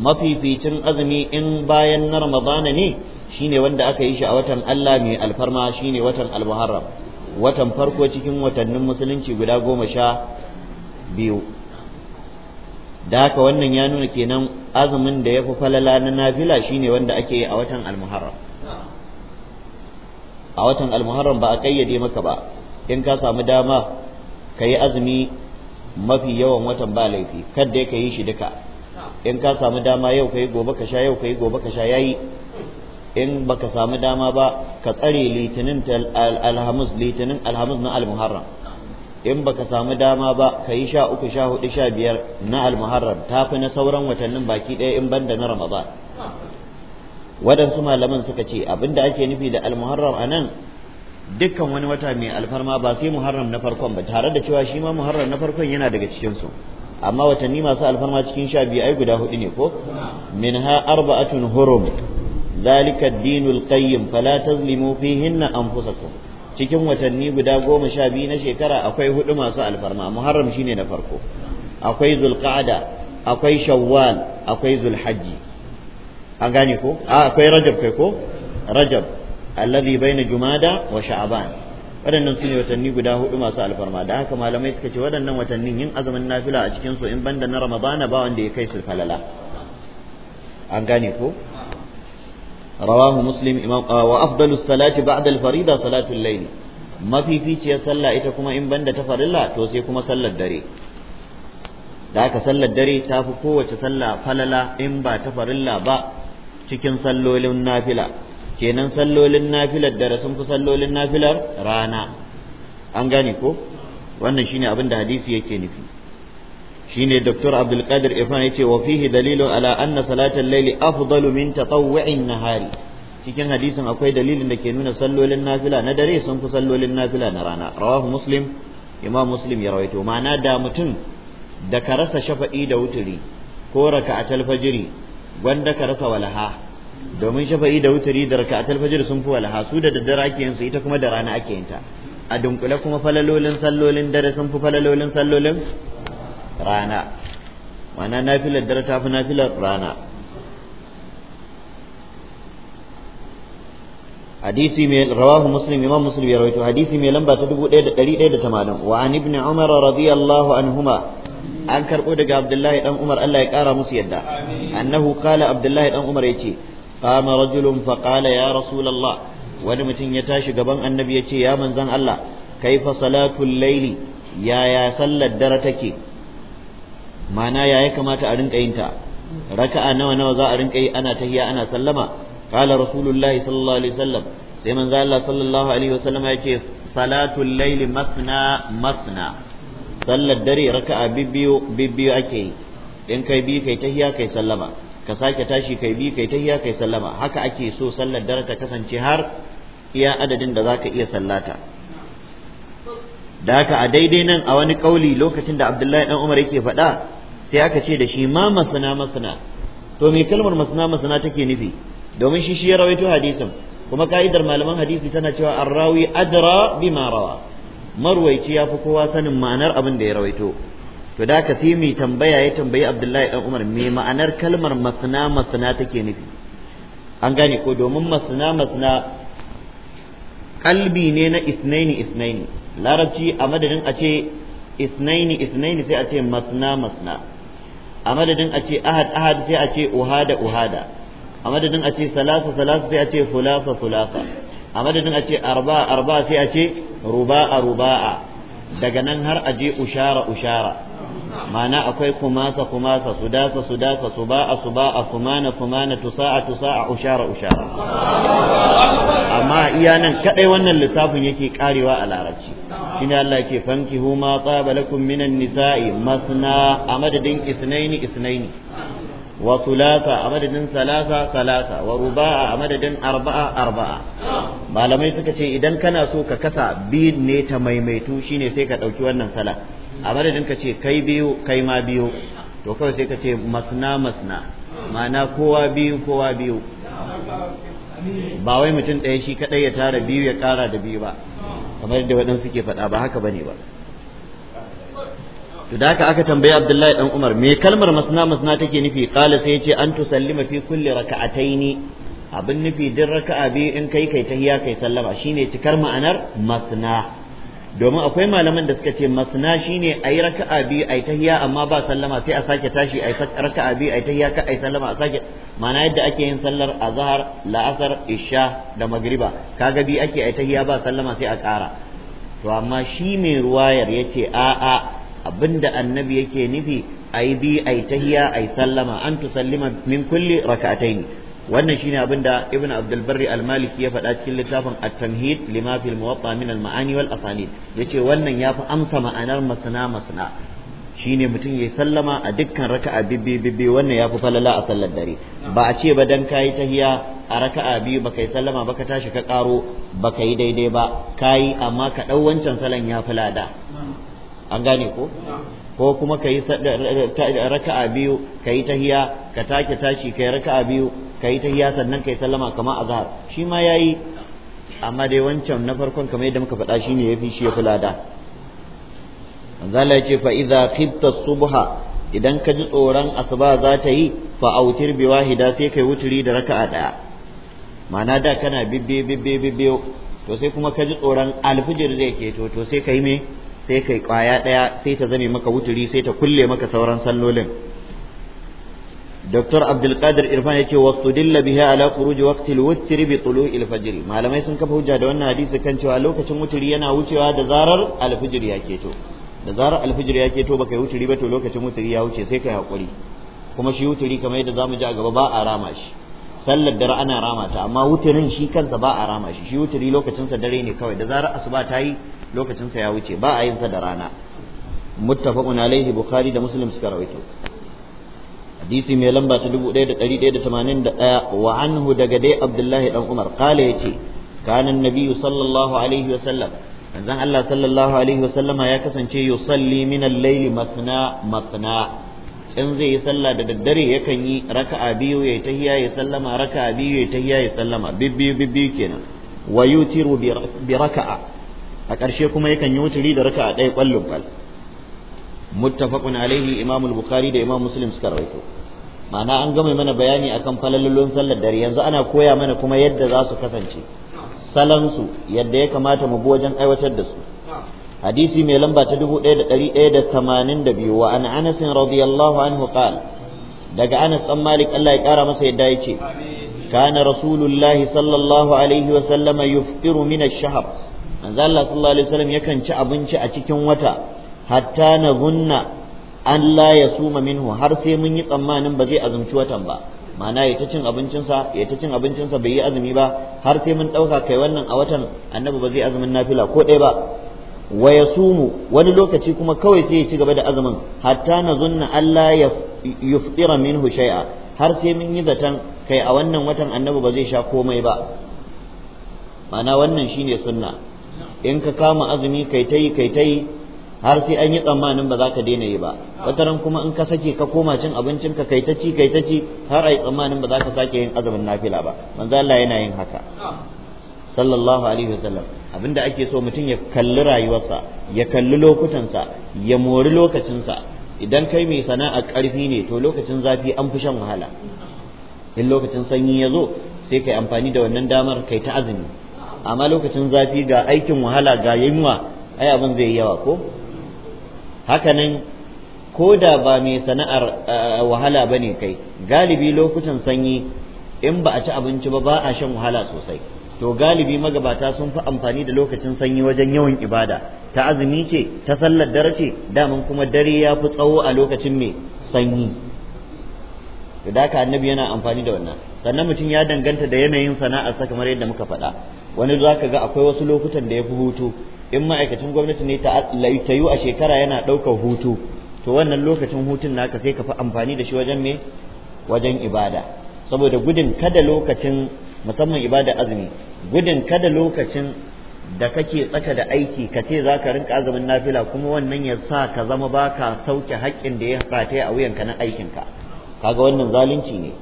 mafificin azumi in bayan na ramadana ne shine wanda aka yi shi a watan Allah mai alfarma shine watan almuharram watan farko cikin watannin musulunci guda goma sha biyu da haka wannan ya nuna kenan azumin da ya fi falala na nafila shine wanda ake yi a watan almuharram a watan almuharram ba a kayyade maka ba in ka samu dama ka yi azumi mafi yawan watan ba laifi kadda ka yi shi duka in ka samu dama yau ka yi gobe ka sha yau ka yi gobe ka sha yayi in baka samu dama ba ka tsare litinin alhamis litinin alhamis na almuharram in baka samu dama ba ka yi sha uku sha hudu sha biyar na almuharram ta fi na sauran watannin baki ɗaya in banda na ramadan waɗansu malaman suka ce abinda ake nufi da almuharram a nan dukkan wani wata mai alfarma ba sai muharram na farkon ba tare da cewa shi ma muharram na farkon yana daga cikinsu amma watanni masu alfarma cikin sha biyu ai guda hudu ne ko minha arba'atun hurum ذلك الدين القيم فلا hinna an أنفسكم cikin watanni guda goma sha biyu na shekara akwai hudu masu alfarma muharram shine na farko akwai zulqa'ada akwai shawwal akwai zulhajji an gane ko a ah, akwai rajab kai ko rajab alladhi baina jumada wa sha'ban waɗannan su watanni guda hudu masu alfarma da haka malamai suka ce waɗannan watannin yin azumin nafila a cikin su in banda na ramadana ba wanda ya kai su falala an gane ko rawahu muslim imam uh, wa afdalus salati ba'da al-farida salatul layl mafificiyar sallah ita kuma in banda ta farilla to sai kuma sallar dare da aka sallar dare ta fi kowace sallah falala in ba ta farilla ba cikin sallolin nafila kenan sallolin nafilar dare sun fi sallolin nafilar rana an gane ko wannan shine abin da hadisi yake nufi shine Dr. Abdul Qadir Ifan yace wa fihi dalilun ala anna salatal layli afdalu min tatawwu'in nahari cikin hadisin akwai dalilin da ke nuna sallolin nafila na dare sun fi sallolin nafila na rana rawahu muslim imam muslim ya rawaito ma'ana da mutum da ka rasa shafa'i da wuturi ko raka'atul fajiri gwanda ka rasa walaha domin shafa'i da wuturi da raka'atul fajiri sun fi walaha su da daddare ake yin su ita kuma da rana ake yin ta a dunkule kuma falalolin sallolin dare sun fi falalolin sallolin rana ma'ana nafilar dare ta fi nafilar rana hadisi mai rawahu muslim imam muslim ya rawaito hadisi mai lamba ta 1180 wa an ibn umar radiyallahu anhuma an karbo daga abdullahi dan umar Allah ya kara musu yadda annahu qala abdullahi dan umar yace qama rajulun fa qala ya rasulullah wani mutum ya tashi gaban annabi yace ya manzon Allah kaifa salatul layli yaya sallar dare take mana ya ya kamata a rinka yin ta raka'a nawa nawa za a rinka yi ana tahiya ana sallama qala rasulullahi sallallahu alaihi wasallam sai manzo Allah sallallahu alaihi wasallam yake salatul layl masna masna sallar dare raka'a bibbiyo bibbiyo ake yi in kai bi kai tahiya kai sallama ka sake tashi kai bi kai tahiya kai sallama haka ake so sallar dare ta kasance har iya adadin da zaka iya sallata da haka a daidai nan a wani kauli lokacin da Abdullahi dan Umar yake faɗa sai aka ce da shi ma masana masana to me kalmar masana masana take nufi domin shi shi ya rawaito hadisin kuma ka'idar malaman hadisi tana cewa arrawi adra bima rawa marwaici ya fi kowa sanin ma'anar abin da ya rawaito to da ka sai mai tambaya ya tambayi abdullahi dan umar me ma'anar kalmar masana masana take nufi an gane ko domin masana masana kalbi ne na isnaini isnaini larabci a madadin a ce isnaini isnaini sai a ce masna masna a madadin a ce ahad ahad sai a ce uhada uhada a madadin a ce salasa salasa sai a ce fulasa fulasa a madadin a ce arba'a arba'a sai a ce ruba'a ruba'a daga nan har a je ushara ushara ma'ana akwai kumasa kumasa sudasa sudasa suba'a suba'a kumana kumana tu sa'a ushara ushara amma iya nan kadai wannan lissafin yake karewa a larabci shine Allah yake fanki huma tsaba lakum minan nisa'i masna a madadin isnaini isnaini wa thulatha a madadin salasa salasa wa ruba'a a madadin arba'a arba'a malamai suka ce idan kana so ka kasa bi ne ta maimaitu shine sai ka dauki wannan sala a madadin ka ce kai biyu kai ma biyu to kawai sai ka ce masna masna ma'ana kowa biyu kowa biyu ba wai mutum ɗaya shi kaɗai ya tara biyu ya ƙara da biyu ba kamar da waɗansu suke faɗa ba haka bane ba to da haka aka tambayi Abdullahi dan Umar me kalmar masna masna take nufi kala sai ce an tusallima fi kulli raka'ataini abin nufi din raka'a biyu in kai kai hiya kai sallama shine cikar ma'anar masna domin akwai malaman da suka ce masna shine ayi raka'a biyu ayi tahiya amma ba sallama sai a sake tashi ayi raka'a biyu ayi tahiya ka ayi sallama a sake ma'ana yadda ake yin sallar azhar la'asar isha da magriba kaga bi ake ayi tahiya ba sallama sai a ƙara to amma shi mai ruwayar yace a a abinda annabi yake nufi ayi bi ayi tahiya ayi sallama an tusallima min kulli raka'ataini wannan shine abin da ibn abdul barri al maliki ya faɗa cikin littafin at-tamhid lima fil muwatta min al ma'ani wal asanid yace wannan yafi amsa ma'anar masana masana shine mutum yayi sallama a dukkan raka'a bibbi bibbi wannan yafi falala a sallar dare ba a ce ba dan kai tahiya a raka'a biyu baka yi sallama baka tashi ka karo baka yi daidai ba kai amma ka dau wancan salan yafi lada an gane ko ko kuma ka yi eh, eh, raka'a biyu ka yi tahiya ka take tashi ka yi raka'a biyu kai tahiyya sannan kai sallama kamar azhar shi ma yayi amma dai wancan na farkon kamar yadda muka faɗa shine yafi shi ya kula da manzo Allah yace fa idza khibta subha idan ka ji tsoron asuba za ta yi fa autir bi wahida sai kai wuturi da raka'a daya ma'ana da kana bibbe bibbe bibbe to sai kuma ka ji tsoron alfijir zai keto to sai kai me sai kai kwaya daya sai ta zame maka wuturi sai ta kulle maka sauran sallolin Dr. Abdulkadir Irfan yace wastudilla biha ala khuruj waqti al-witr bi tulu'il fajr malamai sun kafa hujja da wannan hadisi kan cewa lokacin wuturi yana wucewa da zarar al-fajr ya keto da zarar al-fajr ya keto baka yi wuturi ba to lokacin wuturi ya wuce sai kai hakuri kuma shi wuturi kamar yadda zamu ji a gaba ba a rama shi sallar dare ana rama ta amma wuturin shi kansa ba a rama shi shi wuturi lokacin sa dare ne kawai da zarar asuba ta yi lokacin sa ya wuce ba a yin sa da rana muttafaqun alaihi bukhari da muslim suka rawaito hadisi mai lamba ta 1181 wa anhu daga dai abdullahi dan umar kala yace kana annabiyyu sallallahu alaihi wa sallam manzon Allah sallallahu alaihi wa sallama ya kasance yusalli min al-layl in zai yi sallah da daddare yakan yi raka'a biyu yayi tahiyya ya sallama raka'a biyu yayi tahiyya ya sallama bibbiyu bibbiyu kenan wa yutiru bi raka'a a ƙarshe kuma yakan yi wuturi da raka'a ɗaya ƙwallon ƙwallon alaihi imam bukari da imam suka ma'ana an gama mana bayani akan falalolin sallar dare yanzu ana koya mana kuma yadda za su kasance salansu yadda ya kamata mu bi wajen aiwatar da su hadisi mai lamba ta dubu biyu wa an Anas radiyallahu anhu qala daga Anas dan Malik Allah ya kara masa yadda yake kana rasulullahi sallallahu alaihi wa sallama yuftiru min ash-shahr manzo Allah sallallahu alaihi wasallam yakan ci abinci a cikin wata hatta na gunna an la ya suma minhu har sai mun yi tsammanin ba zai azumci watan ba ma'ana ya ta cin abincinsa ya ta cin abincinsa bai yi azumi ba har sai mun ɗauka kai wannan a watan annabi ba zai azumin nafila ko ɗaya ba wa sumu wani lokaci kuma kawai sai ya ci gaba da azumin hatta na zunna Allah yuftira minhu shay'a har sai mun yi zaton kai a wannan watan annabi ba zai sha komai ba ma'ana wannan shine sunna in ka kama azumi kai tai kai tai har sai an yi tsammanin ba za ka daina yi ba wataran kuma in ka sake ka koma cin abincin ka kai ta ci kai ta ci har ai tsammanin ba za ka sake yin azumin nafila ba manzo Allah yana yin haka sallallahu alaihi wasallam abinda ake so mutum ya kalli rayuwarsa ya kalli lokutansa ya mori lokacinsa idan kai mai sana'a karfi ne to lokacin zafi an fi shan wahala in lokacin sanyi ya zo sai kai amfani da wannan damar kai ta azumi amma lokacin zafi ga aikin wahala ga yunwa ai abin zai yi yawa ko hakanan ko da ba mai sana'ar eh, wahala ba ne kai galibi lokutan sanyi in ba a ci abinci ba ba a shan wahala sosai to galibi magabata sun fi amfani da lokacin sanyi wajen yawan ibada ta azumi ce ta sallar dare ce daman kuma dare ya fi tsawo a lokacin mai sanyi da haka annabi yana amfani da wannan sannan mutum ya danganta da yanayin sana'arsa kamar yadda muka faɗa wani za ka ga akwai wasu lokutan da ya fi hutu in ma'aikacin gwamnati ne ta yi a shekara yana ɗaukar hutu to wannan lokacin hutun naka sai ka fi amfani da shi wajen me wajen ibada saboda gudun kada lokacin musamman ibada azumi gudun kada lokacin da kake tsaka da aiki ka ce za ka rinka azumin nafila kuma wannan ya sa ka zama baka sauke haƙƙin da ya rataya a wuyanka na aikinka kaga wannan zalunci ne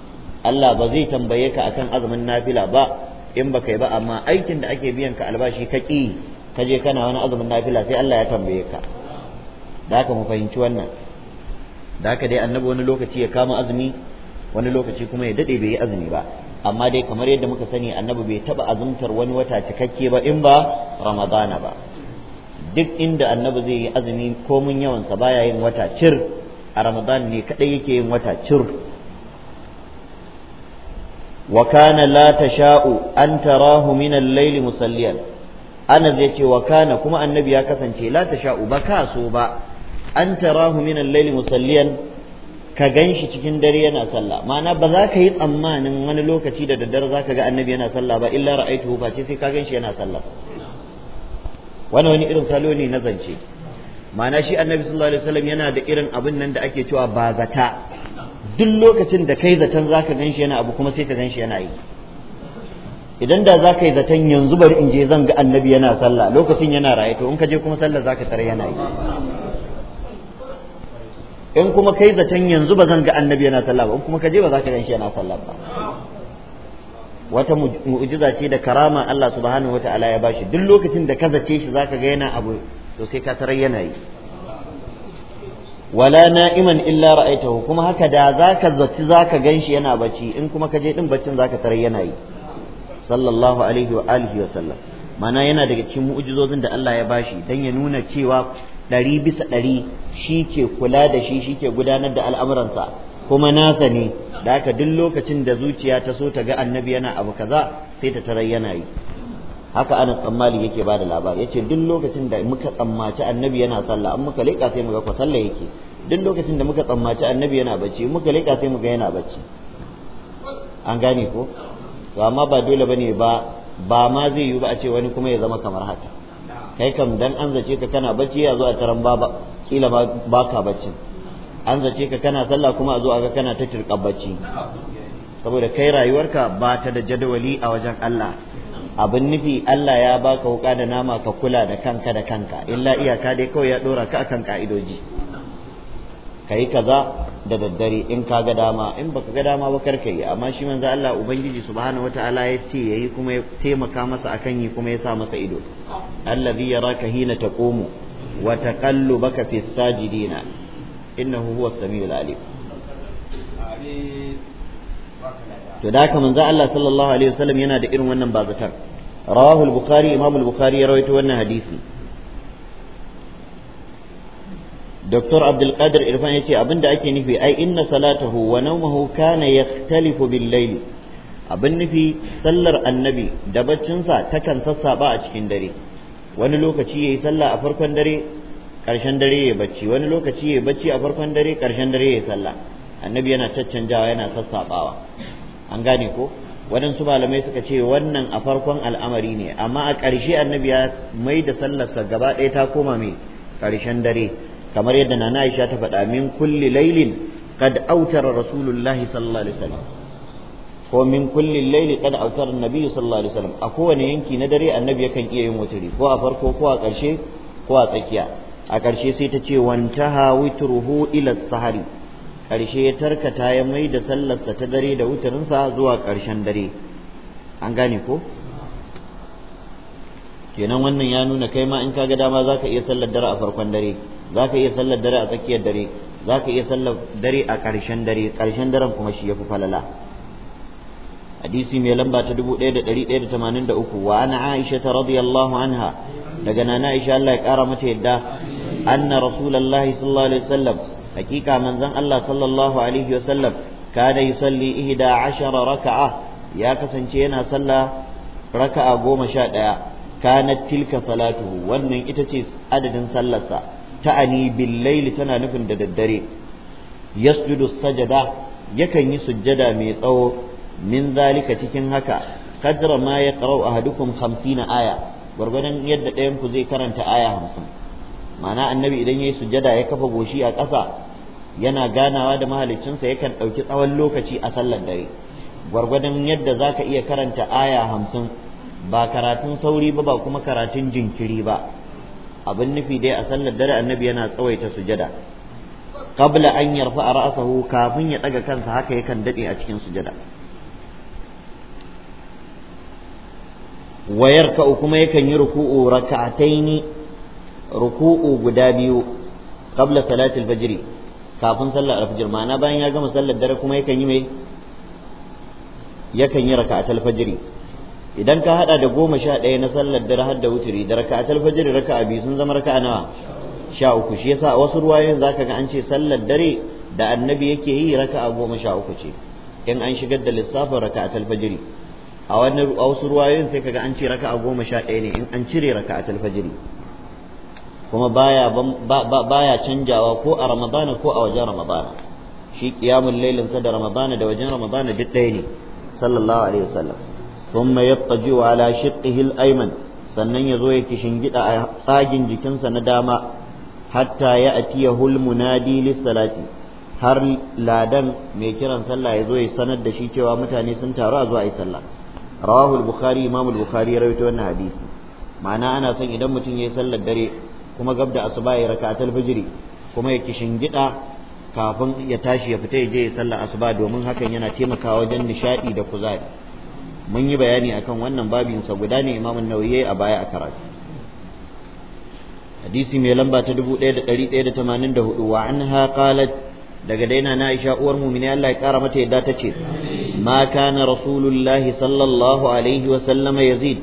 Allah ba zai tambaye ka akan azumin nafila ba in baka yi ba amma aikin da ake biyan ka albashi ka ki ka je kana wani azumin nafila sai Allah ya tambaye ka da haka mu fahimci wannan da haka dai annabi wani lokaci ya kama azumi wani lokaci kuma ya dade bai yi azumi ba amma dai kamar yadda muka sani annabi bai taba azumtar wani wata cikakke ba in ba ramadana ba duk inda annabi zai yi azumi komin yawansa baya yin wata cir a ramadan ne kaɗai yake yin wata cir wa kana la tasha'u an tarahu min al-layli musalliyan Anas yace wa kana kuma annabi ya kasance la tasha'u ba ka so ba an tarahu min al-layli musalliyan ka ganshi cikin dare yana sallah mana ba za ka yi tsammanin wani lokaci da daddare za ka ga annabi yana sallah ba illa ra'aytuhu ce sai ka ganshi yana sallah wani wani irin salo ne na zance mana shi annabi sallallahu alaihi wasallam yana da irin abin nan da ake cewa ba duk lokacin da kai zaton zaka ganshi yana abu kuma sai ka ganshi yana yi idan da za ka yi zaton yanzu bari in je zan ga annabi yana sallah lokacin yana raye to in ka je kuma sallah za ka tare yana yi in kuma kai zaton yanzu ba zan ga annabi yana sallah ba in kuma ka je ba za ka gan shi yana sallah ba wata mu'jiza ce da karama Allah subhanahu wataala ya bashi duk lokacin da ka zace shi za ka ga yana abu to sai ka tare yana yi wala na'iman illa ra'aitahu kuma haka da zaka zaci zaka ganshi yana bacci in kuma ka je din baccin zaka tarar yana yi sallallahu alaihi wa alihi wa sallam mana yana daga cikin mu'jizozin da Allah ya bashi dan ya nuna cewa ɗari bisa ɗari shi ke kula da shi shi ke gudanar da al'amuransa kuma nasa ne da haka duk lokacin da zuciya ta so ta ga annabi yana abu kaza sai ta tarar yana yi haka anas dan malik yake bada labari yace duk lokacin da muka tsammaci annabi yana sallah an muka leka sai muga ko sallah yake duk lokacin da muka tsammaci annabi yana bacci muka leka sai muga yana bacci an gane ko to amma ba dole bane ba ba ma zai yi ba a ce wani kuma ya zama kamar haka kai kam dan an zace ka kana bacci ya zo a taran baba kila ba ka bacci an zace ka kana sallah kuma a zo a ga kana ta tirka bacci saboda kai rayuwarka ba ta da jadawali a wajen Allah abin nufi Allah ya baka wuka da nama ka kula da kanka da kanka illa iyaka dai kawai ya dora ka akan ka'idoji yi kaza da daddare in ka ga dama in baka ga dama ba karka yi amma shi manzo Allah ubangiji subhanahu wataala ya ce yayi kuma ya taimaka masa akan yi kuma ya sa masa ido allazi yaraka hina taqumu wa taqallubaka fis sajidina innahu huwas samiul alim to da haka manzo Allah sallallahu alaihi wasallam yana da irin wannan bazatar rawahul bukhari imamul bukhari ya rawaito wannan hadisi Dr. Abdul Qadir Irfan yace abinda ake nufi ai inna salatahu wa nawmuhu kana yaktalifu bil layl abin nufi sallar annabi da baccinsa takan sassaba a cikin dare wani lokaci yayi sallah a farkon dare karshen dare yayi bacci wani lokaci yayi bacci a farkon dare karshen dare yayi sallah annabi yana caccanjawa yana sassabawa an gane ko waɗansu malamai suka ce wannan a farkon al'amari ne amma a ƙarshe annabi ya mai da sallarsa gaba ɗaya ta koma mai ƙarshen dare kamar yadda nana Aisha ta faɗa min kulli lailin qad autara rasulullahi sallallahu alaihi wasallam ko min kulli laili qad autara annabi sallallahu alaihi wasallam a kowane yanki na dare annabi yakan iya yin wuturi ko a farko ko a ƙarshe ko a tsakiya a ƙarshe sai ta ce wantaha witruhu ila sahari ƙarshe ya tarkata ya mai da sallarsa ta dare da wutarinsa zuwa ƙarshen dare an gane ko kenan wannan ya nuna kai ma in ka ga dama za ka iya sallar dare a farkon dare za ka iya sallar dare a tsakiyar dare za ka iya sallar dare a ƙarshen dare ƙarshen daren kuma shi ya yafi falala hadisi mai lamba ta dubu da da tamanin 1183 wa ana Aisha ta radiyallahu anha daga nana Aisha Allah ya kara mata yadda anna rasulullahi sallallahu alaihi wasallam hakika manzon Allah sallallahu alaihi salli ihida yusalli ihda ashara raka'a ya kasance yana sallah raka'a goma sha ɗaya kanat tilka salatuhu wannan ita ce adadin sallarsa ta'ani billaili tana nufin da daddare yasjudu sajada yakan yi sujjada mai tsawo min zalika cikin haka kajara ma ya qara'u ahadukum 50 aya gwargwadon yadda ɗayanku zai karanta aya hamsin. ma'ana annabi idan ya yi sujada ya kafa goshi a ƙasa yana ganawa da mahaliccinsa yakan ɗauki tsawon lokaci a sallar dare gwargwadon yadda zaka iya karanta aya hamsin ba karatun sauri ba ba kuma karatun jinkiri ba abin nufi dai a sallar dare annabi yana tsawaita sujada kabla an yarfa ra'sahu kafin ya tsaga kansa haka yakan dade a cikin sujada wayarka kuma yakan yi ruku'u raka'ataini ruku'u guda biyu qabla salatil fajr kafin sallar alfajir ma'ana bayan ya gama sallar dare kuma yakan yi mai yakan yi raka'atul fajr idan ka hada da goma sha ɗaya na sallar dare har da wuturi da raka'atul fajr raka'a biyu sun zama raka'a nawa sha uku shi yasa wasu ruwayoyin zaka ga an ce sallar dare da annabi yake yi raka'a goma sha uku ce in an shigar da lissafin raka'atul fajr a wani a wasu ruwayoyin sai kaga an ce raka'a goma sha ɗaya ne in an cire raka'atul fajr kuma baya baya canjawa ko a ramadana ko a wajen ramadana shi qiyamul lailin sa da ramadana da wajen ramadana duk ɗaya ne sallallahu alaihi wasallam thumma wa ala shiqqihi al-ayman sannan yazo ya kishingida a tsagin jikinsa na dama hatta ya atiyahul munadi lis-salati har ladan mai kiran sallah yazo ya sanar da shi cewa mutane sun taru a zuwa ayi sallah rawahu al-bukhari imam al-bukhari ya rawaito wannan hadisi ma'ana ana son idan mutum yayi sallar dare kuma gab da asuba ya raka'atul fajri kuma ya gida kafin ya tashi ya fita ya je ya sallar asuba domin hakan yana taimakawa wajen nishadi da kuzari mun yi bayani akan wannan babin sa guda ne Imam an-Nawawi a baya a karatu hadisi mai lamba ta 1184 wa anha qalat daga daina na Aisha uwar mu'mini Allah ya kara mata yadda tace ma kana rasulullahi sallallahu alaihi wa sallama yazid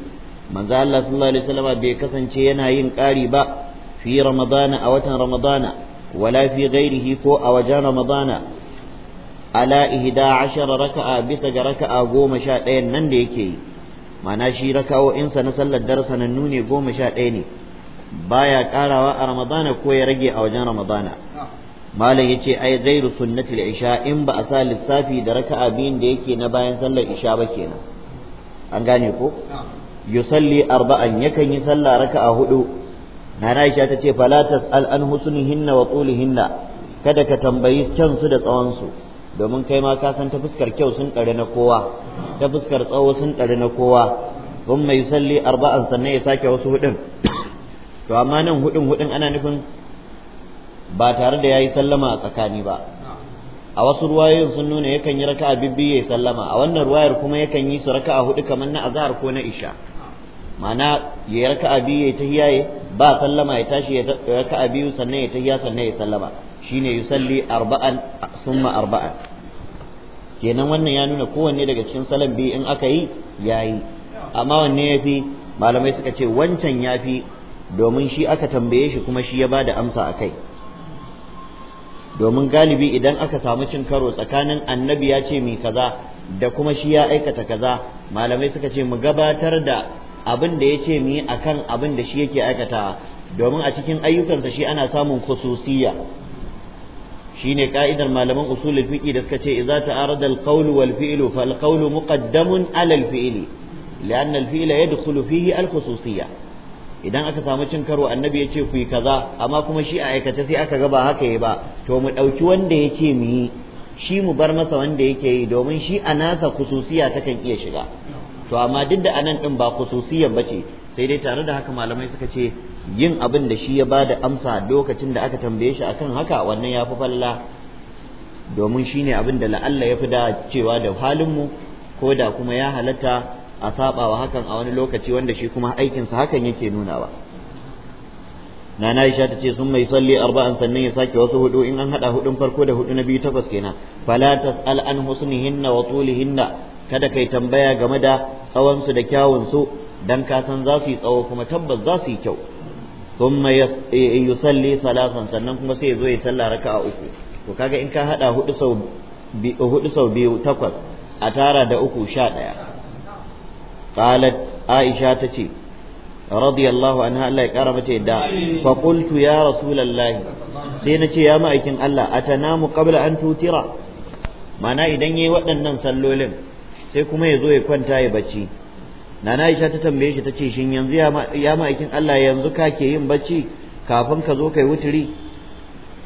manzo Allah sallallahu alaihi wasallam bai kasance yana yin ƙari ba fi ramadana a watan ramadana wala fi ghairihi ko a wajen ramadana ala ihda ashara raka'a bisa ga raka'a goma sha ɗayan nan da yake yi mana shi insa na sallar darasa nan goma sha ɗaya ne baya karawa a ramadana ko ya rage a wajen ramadana malam ce ai ghairu sunnatul isha in ba a sa lissafi da raka'a biyun da yake na bayan sallar isha ba kenan an gane ko yusalli arba'an yakan yi sallah raka'a hudu nana Aisha ta ce fala tas'al an husnihinna wa tulihinna kada ka tambayi su da tsawon su domin kai ma ka san ta fuskar kyau sun kare na kowa ta fuskar tsawo sun kare na kowa kun mai salli arba'an sannan ya sake wasu hudun to amma nan hudun hudun ana nufin ba tare da yayi sallama a tsakani ba a wasu ruwayoyin sun nuna yakan yi raka'a bibbi ya sallama a wannan ruwayar kuma yakan yi su raka'a hudu kamar na azhar ko na isha ma'ana ya yi raka'a biyu ya tahiya hiyaye ba sallama ya tashi ya raka'a biyu sannan ya tahiya sannan ya sallama shine yusalli arba'an summa arba'an kenan wannan ya nuna kowanne daga cikin salon biyu in aka yi yayi amma wanne yafi malamai suka ce wancan yafi domin shi aka tambaye shi kuma shi ya bada amsa akai domin galibi idan aka samu cin karo tsakanin annabi ya ce mi kaza da kuma shi ya aikata kaza malamai suka ce mu gabatar da abin da ya ce mu yi akan abin da shi yake aikatawa domin a cikin ayyukansa shi ana samun khususiyya shine ka'idar malaman usulul fiqi da suka ce iza ta'arada al-qawl wal fi'lu fal qawlu muqaddamun ala al-fi'li li'anna al-fi'la yadkhulu fihi al-khususiyya idan aka samu cin karo annabi ya ce ku yi kaza amma kuma shi a aikace sai aka ga ba haka yi ba to mu ɗauki wanda ya ce mu yi shi mu bar masa wanda yake yi domin shi a nasa khususiya takan iya shiga to amma duk da anan din ba khususiyan bace sai dai tare da haka malamai suka ce yin abin da shi ya bada amsa lokacin da aka tambaye shi akan haka wannan ya fi falla domin shine abin da la'alla fi da cewa da halin mu ko da kuma ya halatta a sabawa hakan a wani lokaci wanda shi kuma aikinsa hakan yake nunawa nana ta ce sun mai salli arba'an sannan ya sake wasu hudu in an hada hudun farko da hudu na biyu takwas kenan fala tasal an husnihinna wa tulihinna kada kai tambaya game da tsawonsu da kyawunsu dan ka san za su yi tsawo kuma tabbas za su yi kyau thumma e, e, yusalli salasan sannan kuma sai ya zo ya sallah a uku to kaga in ka hada hudu sau biyu takwas a tara da uku sha daya qalat aisha tace radiyallahu anha Allah ya kara mata yadda fa qultu ya rasulullahi sai na ce ya ma'aikin Allah atanamu qabla an tutira mana idan yayi waɗannan sallolin sai kuma ya zo ya kwanta ya bacci nana Aisha ta tambaye shi tace shin yanzu ya ma'aikin Allah yanzu ka ke yin bacci kafin ka zo kai wuturi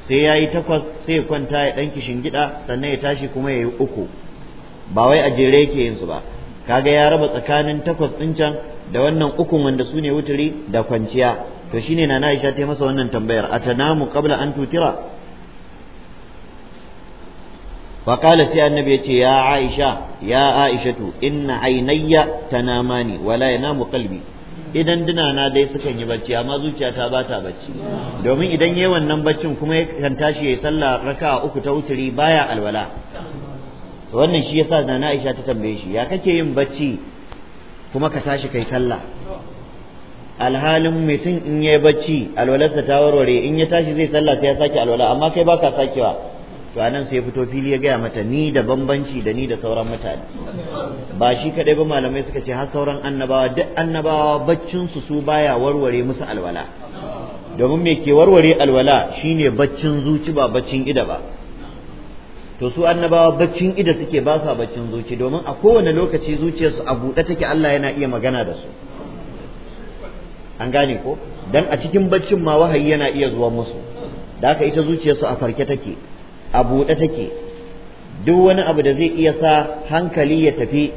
sai ya yi takwas sai ya kwanta ya ɗan kishin gida sannan ya tashi kuma ya yi uku ba wai a jere yake yin su ba kaga ya raba tsakanin takwas ɗin can da wannan ukun wanda su ne wuturi da kwanciya to shine nana Aisha ta masa wannan tambayar a atanamu qabla an tutira فقال سي النبي يا عائشة يا عائشة إن عيني تنامان ولا ينام قلبي idan dina na dai suka yi bacci amma zuciya ba ta bacci domin idan yayi wannan baccin kuma kan tashi yayi sallah raka uku ta wuturi baya alwala wannan shi yasa da na Aisha ta tambaye shi ya kake yin bacci kuma ka tashi kai sallah alhalin mutum in yayi bacci alwalarsa ta warware in ya tashi zai sallah sai ya sake alwala amma kai baka sakewa to anan sai fito fili ya gaya mata ni da bambanci da ni da sauran mutane ba shi kadai ba malamai suka ce har sauran annabawa duk annabawa baccin su su baya warware musu alwala domin me ke warware alwala shine baccin zuci ba baccin ida ba to su annabawa baccin ida suke ba sa baccin zuci domin a kowane lokaci zuciyarsu a buɗe take Allah yana iya magana da su an gane ko dan a cikin baccin ma wahayi yana iya zuwa musu da haka ita zuciyarsu a farke take a buɗe take duk wani abu da zai iya sa hankali ya tafi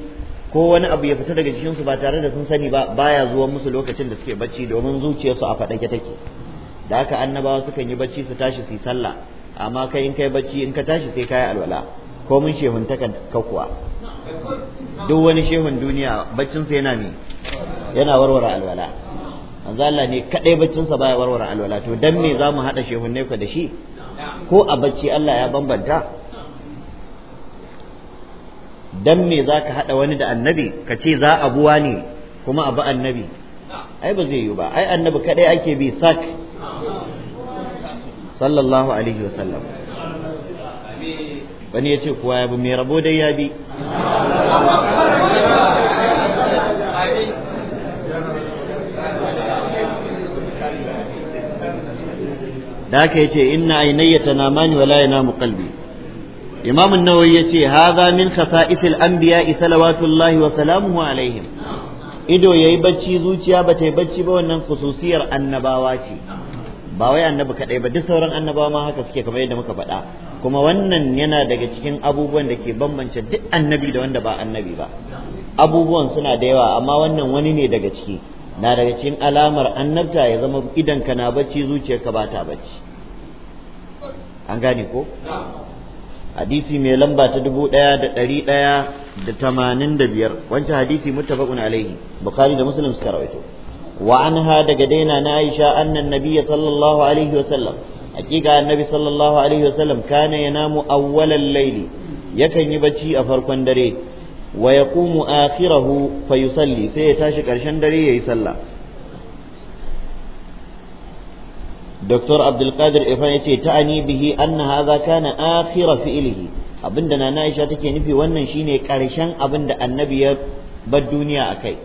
ko wani abu ya fita daga su ba tare da sun sani ba baya zuwa musu lokacin da suke bacci domin zuciyarsu a faɗake take da haka annabawa sukan yi bacci su tashi su yi sallah amma kai in kai bacci in ka tashi sai kai alwala ko mun shehun ta kuwa duk wani shehun duniya baccinsa yana ne yana warware alwala manzo Allah ne kadai baccin sa baya warware alwala to dan me zamu hada shehunne ku da shi ko a bacci Allah ya bambanta dan me za ka haɗa wani da annabi ka ce za a buwa ne kuma a bi annabi ai ba zai yi ba ai annabi kaɗai ake bi sak sallallahu alaihi wasallam wani ya ce kuwa ya bi mai rabo dai ya bi da haka yace inna aynayya namani wala yanamu qalbi imam an-nawawi yace hadha min khasa'isil anbiya'i salawatullahi wa salamuhu alaihim ido yayi bacci zuciya bata yi bacci ba wannan khususiyar annabawa ce ba wai annabi kadai ba duk sauran annabawa ma haka suke kamar yadda muka faɗa kuma wannan yana daga cikin abubuwan da ke bambance duk annabi da wanda ba annabi ba abubuwan suna da yawa amma wannan wani ne daga ciki na daga cikin alamar annabta ya zama idanka na bacci zuciyarka ba ta bacci an gane ko hadisi mai lamba ta dubu ɗaya da ɗari ɗaya da tamanin da biyar wancan hadisi muttafaqun alaihi bukhari da muslim suka rawaito wa ha- daga daina na aisha annan nabiyya sallallahu alaihi wa sallam hakika annabi sallallahu alaihi wa sallam kana yanamu awwalal layli yakan yi bacci a farkon dare wa ya yaqumu akhirahu fa yusalli sai ya tashi ƙarshen dare ya yi sallah Dr. Abdulkadir Ifan ya ce ta'ani bihi anna hadha kana akhira fi'lihi abinda na Aisha take nufi wannan shine ƙarshen abinda annabi ya bar duniya akai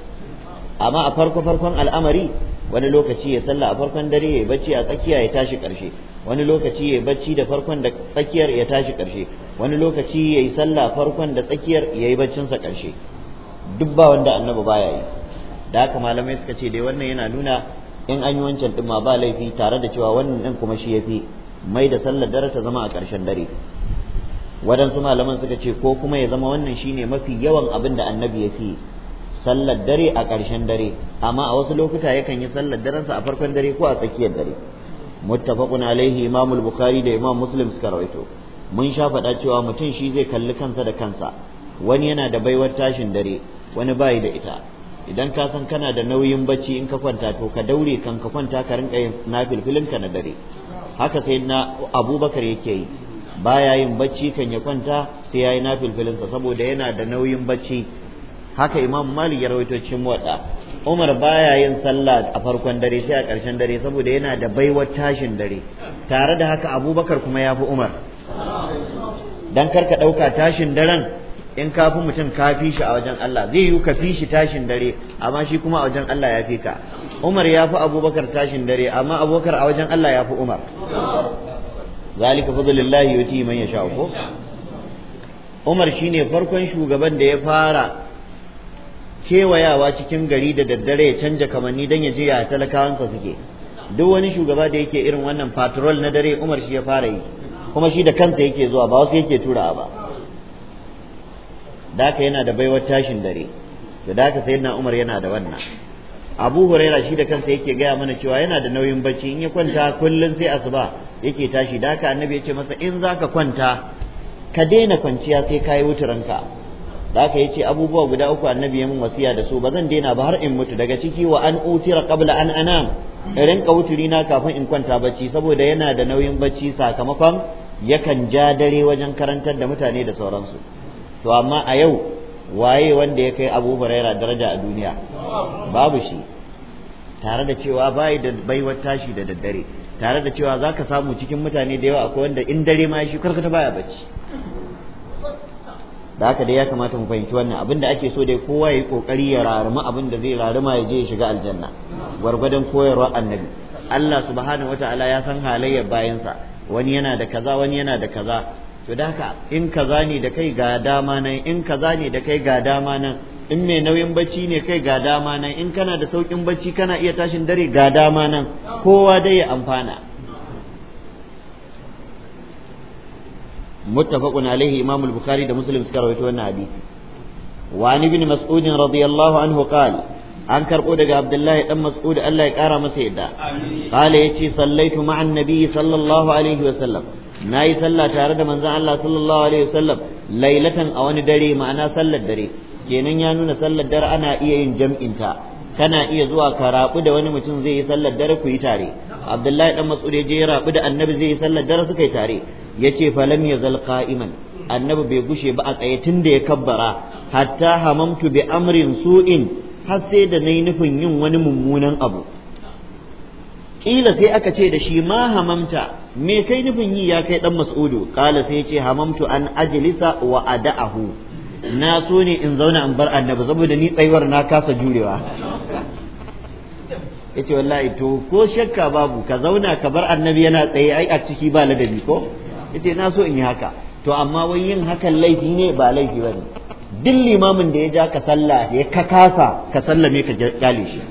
amma a farko farkon al'amari wani lokaci ya sallah a farkon dare ya bacci a tsakiya ya tashi ƙarshe wani lokaci ya bacci da farkon da tsakiyar ya tashi ƙarshe. wani lokaci yayi sallah farkon da tsakiyar yayi baccin sa karshe duk ba wanda annabi baya yi da haka malamai suka ce dai wannan yana nuna in an yi wancan din ma ba laifi tare da cewa wannan din kuma shi yafi mai da sallar dare ta zama a ƙarshen dare waɗansu malaman suka ce ko kuma ya zama wannan shine mafi yawan abin da annabi ya fi sallar dare a ƙarshen dare amma a wasu lokuta yakan yi sallar darensa a farkon dare ko a tsakiyar dare muttafaqun alaihi imamul bukhari da imam muslim suka rawaito mun sha faɗa cewa mutum shi zai kalli kansa da kansa wani yana da baiwar tashin dare wani bayi da ita idan ka san kana da nauyin bacci in ka kwanta to ka daure kan ka kwanta ka rinka yin nafilfilin ka na dare haka sai na abubakar yake yi baya yin bacci kan ya kwanta sai yayi nafilfilin sa saboda yana da nauyin bacci haka imam malik ya rawaito cin wada umar baya yin sallah a farkon dare sai a ƙarshen dare saboda yana da baiwar tashin dare tare da haka abubakar kuma ya fi umar dan karka ɗauka tashin daren in ka fi mutum ka fi shi a wajen Allah zai yi ka fi shi tashin dare amma shi kuma a wajen Allah ya fi ka Umar ya fi Abubakar tashin dare amma Abubakar a wajen Allah ya fi Umar zalika fadlillahi yuti man yasha ko Umar shine farkon shugaban da ya fara kewayawa cikin gari da daddare ya canja kamanni dan ya je ya talakawansa suke duk wani shugaba da yake irin wannan patrol na dare Umar shi ya fara yi kuma shi da kansa yake zuwa ba wasu yake turawa ba da haka yana da baiwar tashin dare da da sai na Umar yana da wannan Abu Huraira shi da kansa yake gaya mana cewa yana da nauyin bacci in ya kwanta kullum sai asuba yake tashi da haka annabi ya ce masa in zaka kwanta ka daina kwanciya sai ka yi wuturanka da haka ya ce abubuwa guda uku annabi ya min wasiya da su ba zan daina ba har in mutu daga ciki wa an utira qabla an anam in rinka wuturi na kafin in kwanta bacci saboda yana da nauyin bacci sakamakon yakan ja dare wajen karantar da mutane da sauransu to amma a yau waye wanda ya kai abu huraira daraja a duniya babu shi tare da cewa bai da baiwar tashi da daddare tare da cewa za ka samu cikin mutane da yawa akwai wanda in dare ma shi karkata baya bacci da haka dai ya kamata mu fahimci wannan abin da ake so dai kowa ya yi kokari ya raruma abin da zai raruma ya je ya shiga aljanna gwargwadon koyarwar annabi Allah subhanahu wataala ya san halayyar bayansa wani yana da kaza wani yana da kaza to da haka in kaza ne da kai ga dama nan in kaza ne da kai ga dama nan in mai nauyin bacci ne kai ga dama nan in kana da saukin bacci kana iya tashin dare ga dama nan kowa dai ya amfana muttafaqun alaihi imam al-bukhari da muslim suka rawaito wannan hadisi wa ibn mas'ud radiyallahu anhu qala an karɓo daga abdullahi ɗan mas'ud Allah ya ƙara masa yadda ya ce, sallaitu ma'an nabi sallallahu alaihi wasallam yi sallah tare da manzan Allah sallallahu alaihi wasallam lailatan a wani dare ma'ana sallar dare kenan ya nuna sallar dare ana iya yin jam'inta. kana iya zuwa ka rabu da wani mutum zai yi sallar dare ku yi tare abdullahi dan mas'ud ya je ya rabu da annabi zai yi sallar dare suka yi tare yace falam yazal qa'iman annabi bai gushe ba a tsaye tun da ya kabbara hatta hamamtu bi amrin su'in har sai da nai nufin yin wani mummunan abu Ƙila sai aka ce da shi ma hamamta me kai nufin yi ya kai dan mas'udu kala sai ce hamamtu an ajlisa wa ada'ahu na so ne in zauna in bar annabi saboda ni tsayuwar na kasa jurewa yace wallahi to ko shakka babu ka zauna ka bar annabi yana tsaye ai a ciki ba ladabi ko yace na so in yi haka to amma wai yin hakan laifi ne ba laifi bane duk limamin da ya ja ka sallah ya ka kasa ka sallame ka kyale shi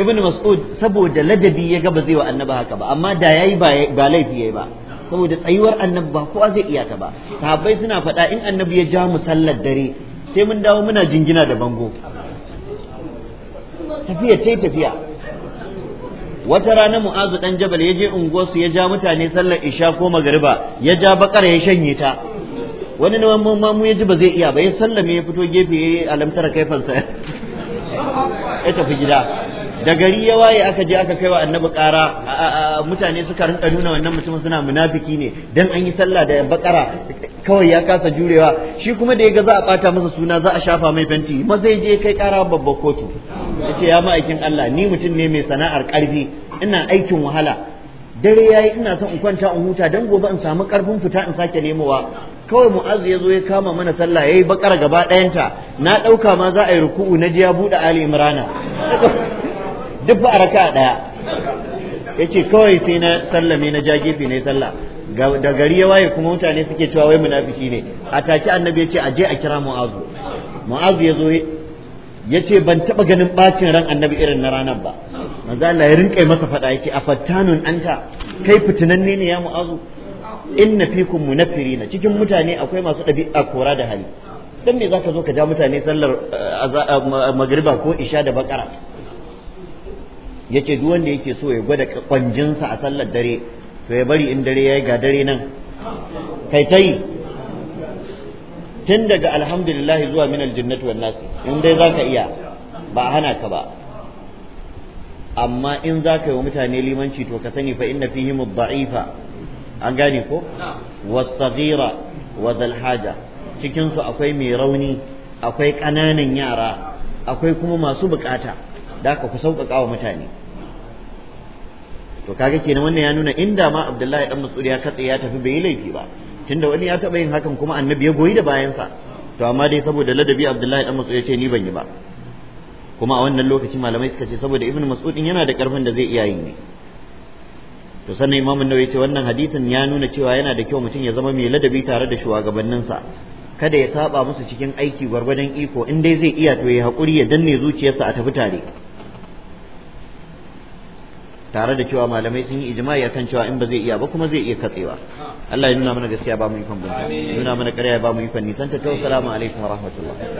ibn mas'ud saboda ladabi ya ga ba zai wa annaba haka ba amma da yayi ba laifi yayi ba saboda tsayuwar annabi ba kowa zai iya ta ba sahabbai suna faɗa in annabi ya ja mu sallar dare sai mun dawo muna jingina da bango tafiya ce tafiya wata rana mu'azu dan jabal ya je unguwarsu ya ja mutane sallar isha ko magariba ya ja bakar ya shanye ta wani na mamu ya ji ba zai iya ba ya sallame ya fito gefe ya yi alamtar kaifansa ya tafi gida da gari ya waye aka je aka kai wa annabi kara mutane suka rinka nuna wannan mutumin suna munafiki ne dan an yi sallah da bakara kawai ya kasa jurewa shi kuma da ya ga za a bata masa suna za a shafa mai fenti ma zai je kai ƙara babbar kotu ya ce ya ma'aikin Allah ni mutum ne mai sana'ar ƙarfi ina aikin wahala dare yayi ina son in kwanta in huta dan gobe in samu karfin fita in sake nemowa kawai mu'az ya zo ya kama mana sallah yayi bakar gaba ɗayanta na ɗauka ma za a yi ruku'u na ji ya buɗe ali imrana duk ba a raka ɗaya yace kawai sai na sallame na ja gefe ne sallah da gari ya waye kuma mutane suke cewa wai munafiki ne a take annabi yace ce a je a kira mu'azu mu'azu ya zo ya ban taba ganin bacin ran annabi irin na ranar ba manzo Allah ya rinƙa masa faɗa yake a anta kai fitinanne ne ya mu'azu inna fikum munaffirina cikin mutane akwai masu ɗabi'a kora da hali dan me zaka zo ka ja mutane sallar eh, eh, magriba ko isha da bakara yace duk wanda yake so ya gwada kwanjinsa a sallar dare to ya bari in dare yayi ga dare nan kai tai tun daga alhamdulillah zuwa min aljannati wan nas in dai zaka iya ba hana ka ba amma in zaka yi wa mutane limanci to ka sani fa inna fihim ad-da'ifa an gane ko wasagira wa zalhaja cikin su akwai mai rauni akwai ƙananan yara akwai kuma masu bukata da ka ku sauƙaƙa wa mutane to kaga kenan wannan ya nuna inda ma Abdullahi dan Mas'ud ya katse ya tafi bai laifi ba tunda wani ya taba yin hakan kuma annabi ya goyi da bayansa to amma dai saboda ladabi Abdullahi dan Mas'ud ya ce ni ban yi ba kuma a wannan lokaci malamai suka ce saboda Ibn Mas'ud yana da karfin da zai iya yi ne to sannan imam an-nawawi ce wannan hadisin ya nuna cewa yana da kyau mutum ya zama mai ladabi tare da shugabanninsa kada ya saba musu cikin aiki gwargwadon iko in dai zai iya to ya hakuri ya danne zuciyarsa a tafi tare tare da cewa malamai sun yi ijma'i akan cewa in ba zai iya ba kuma zai iya katsewa Allah ya nuna mana gaskiya ba mu ikon bunta nuna mana ƙarya ba mu ikon nisan ta tawassalamu alaikum wa rahmatullah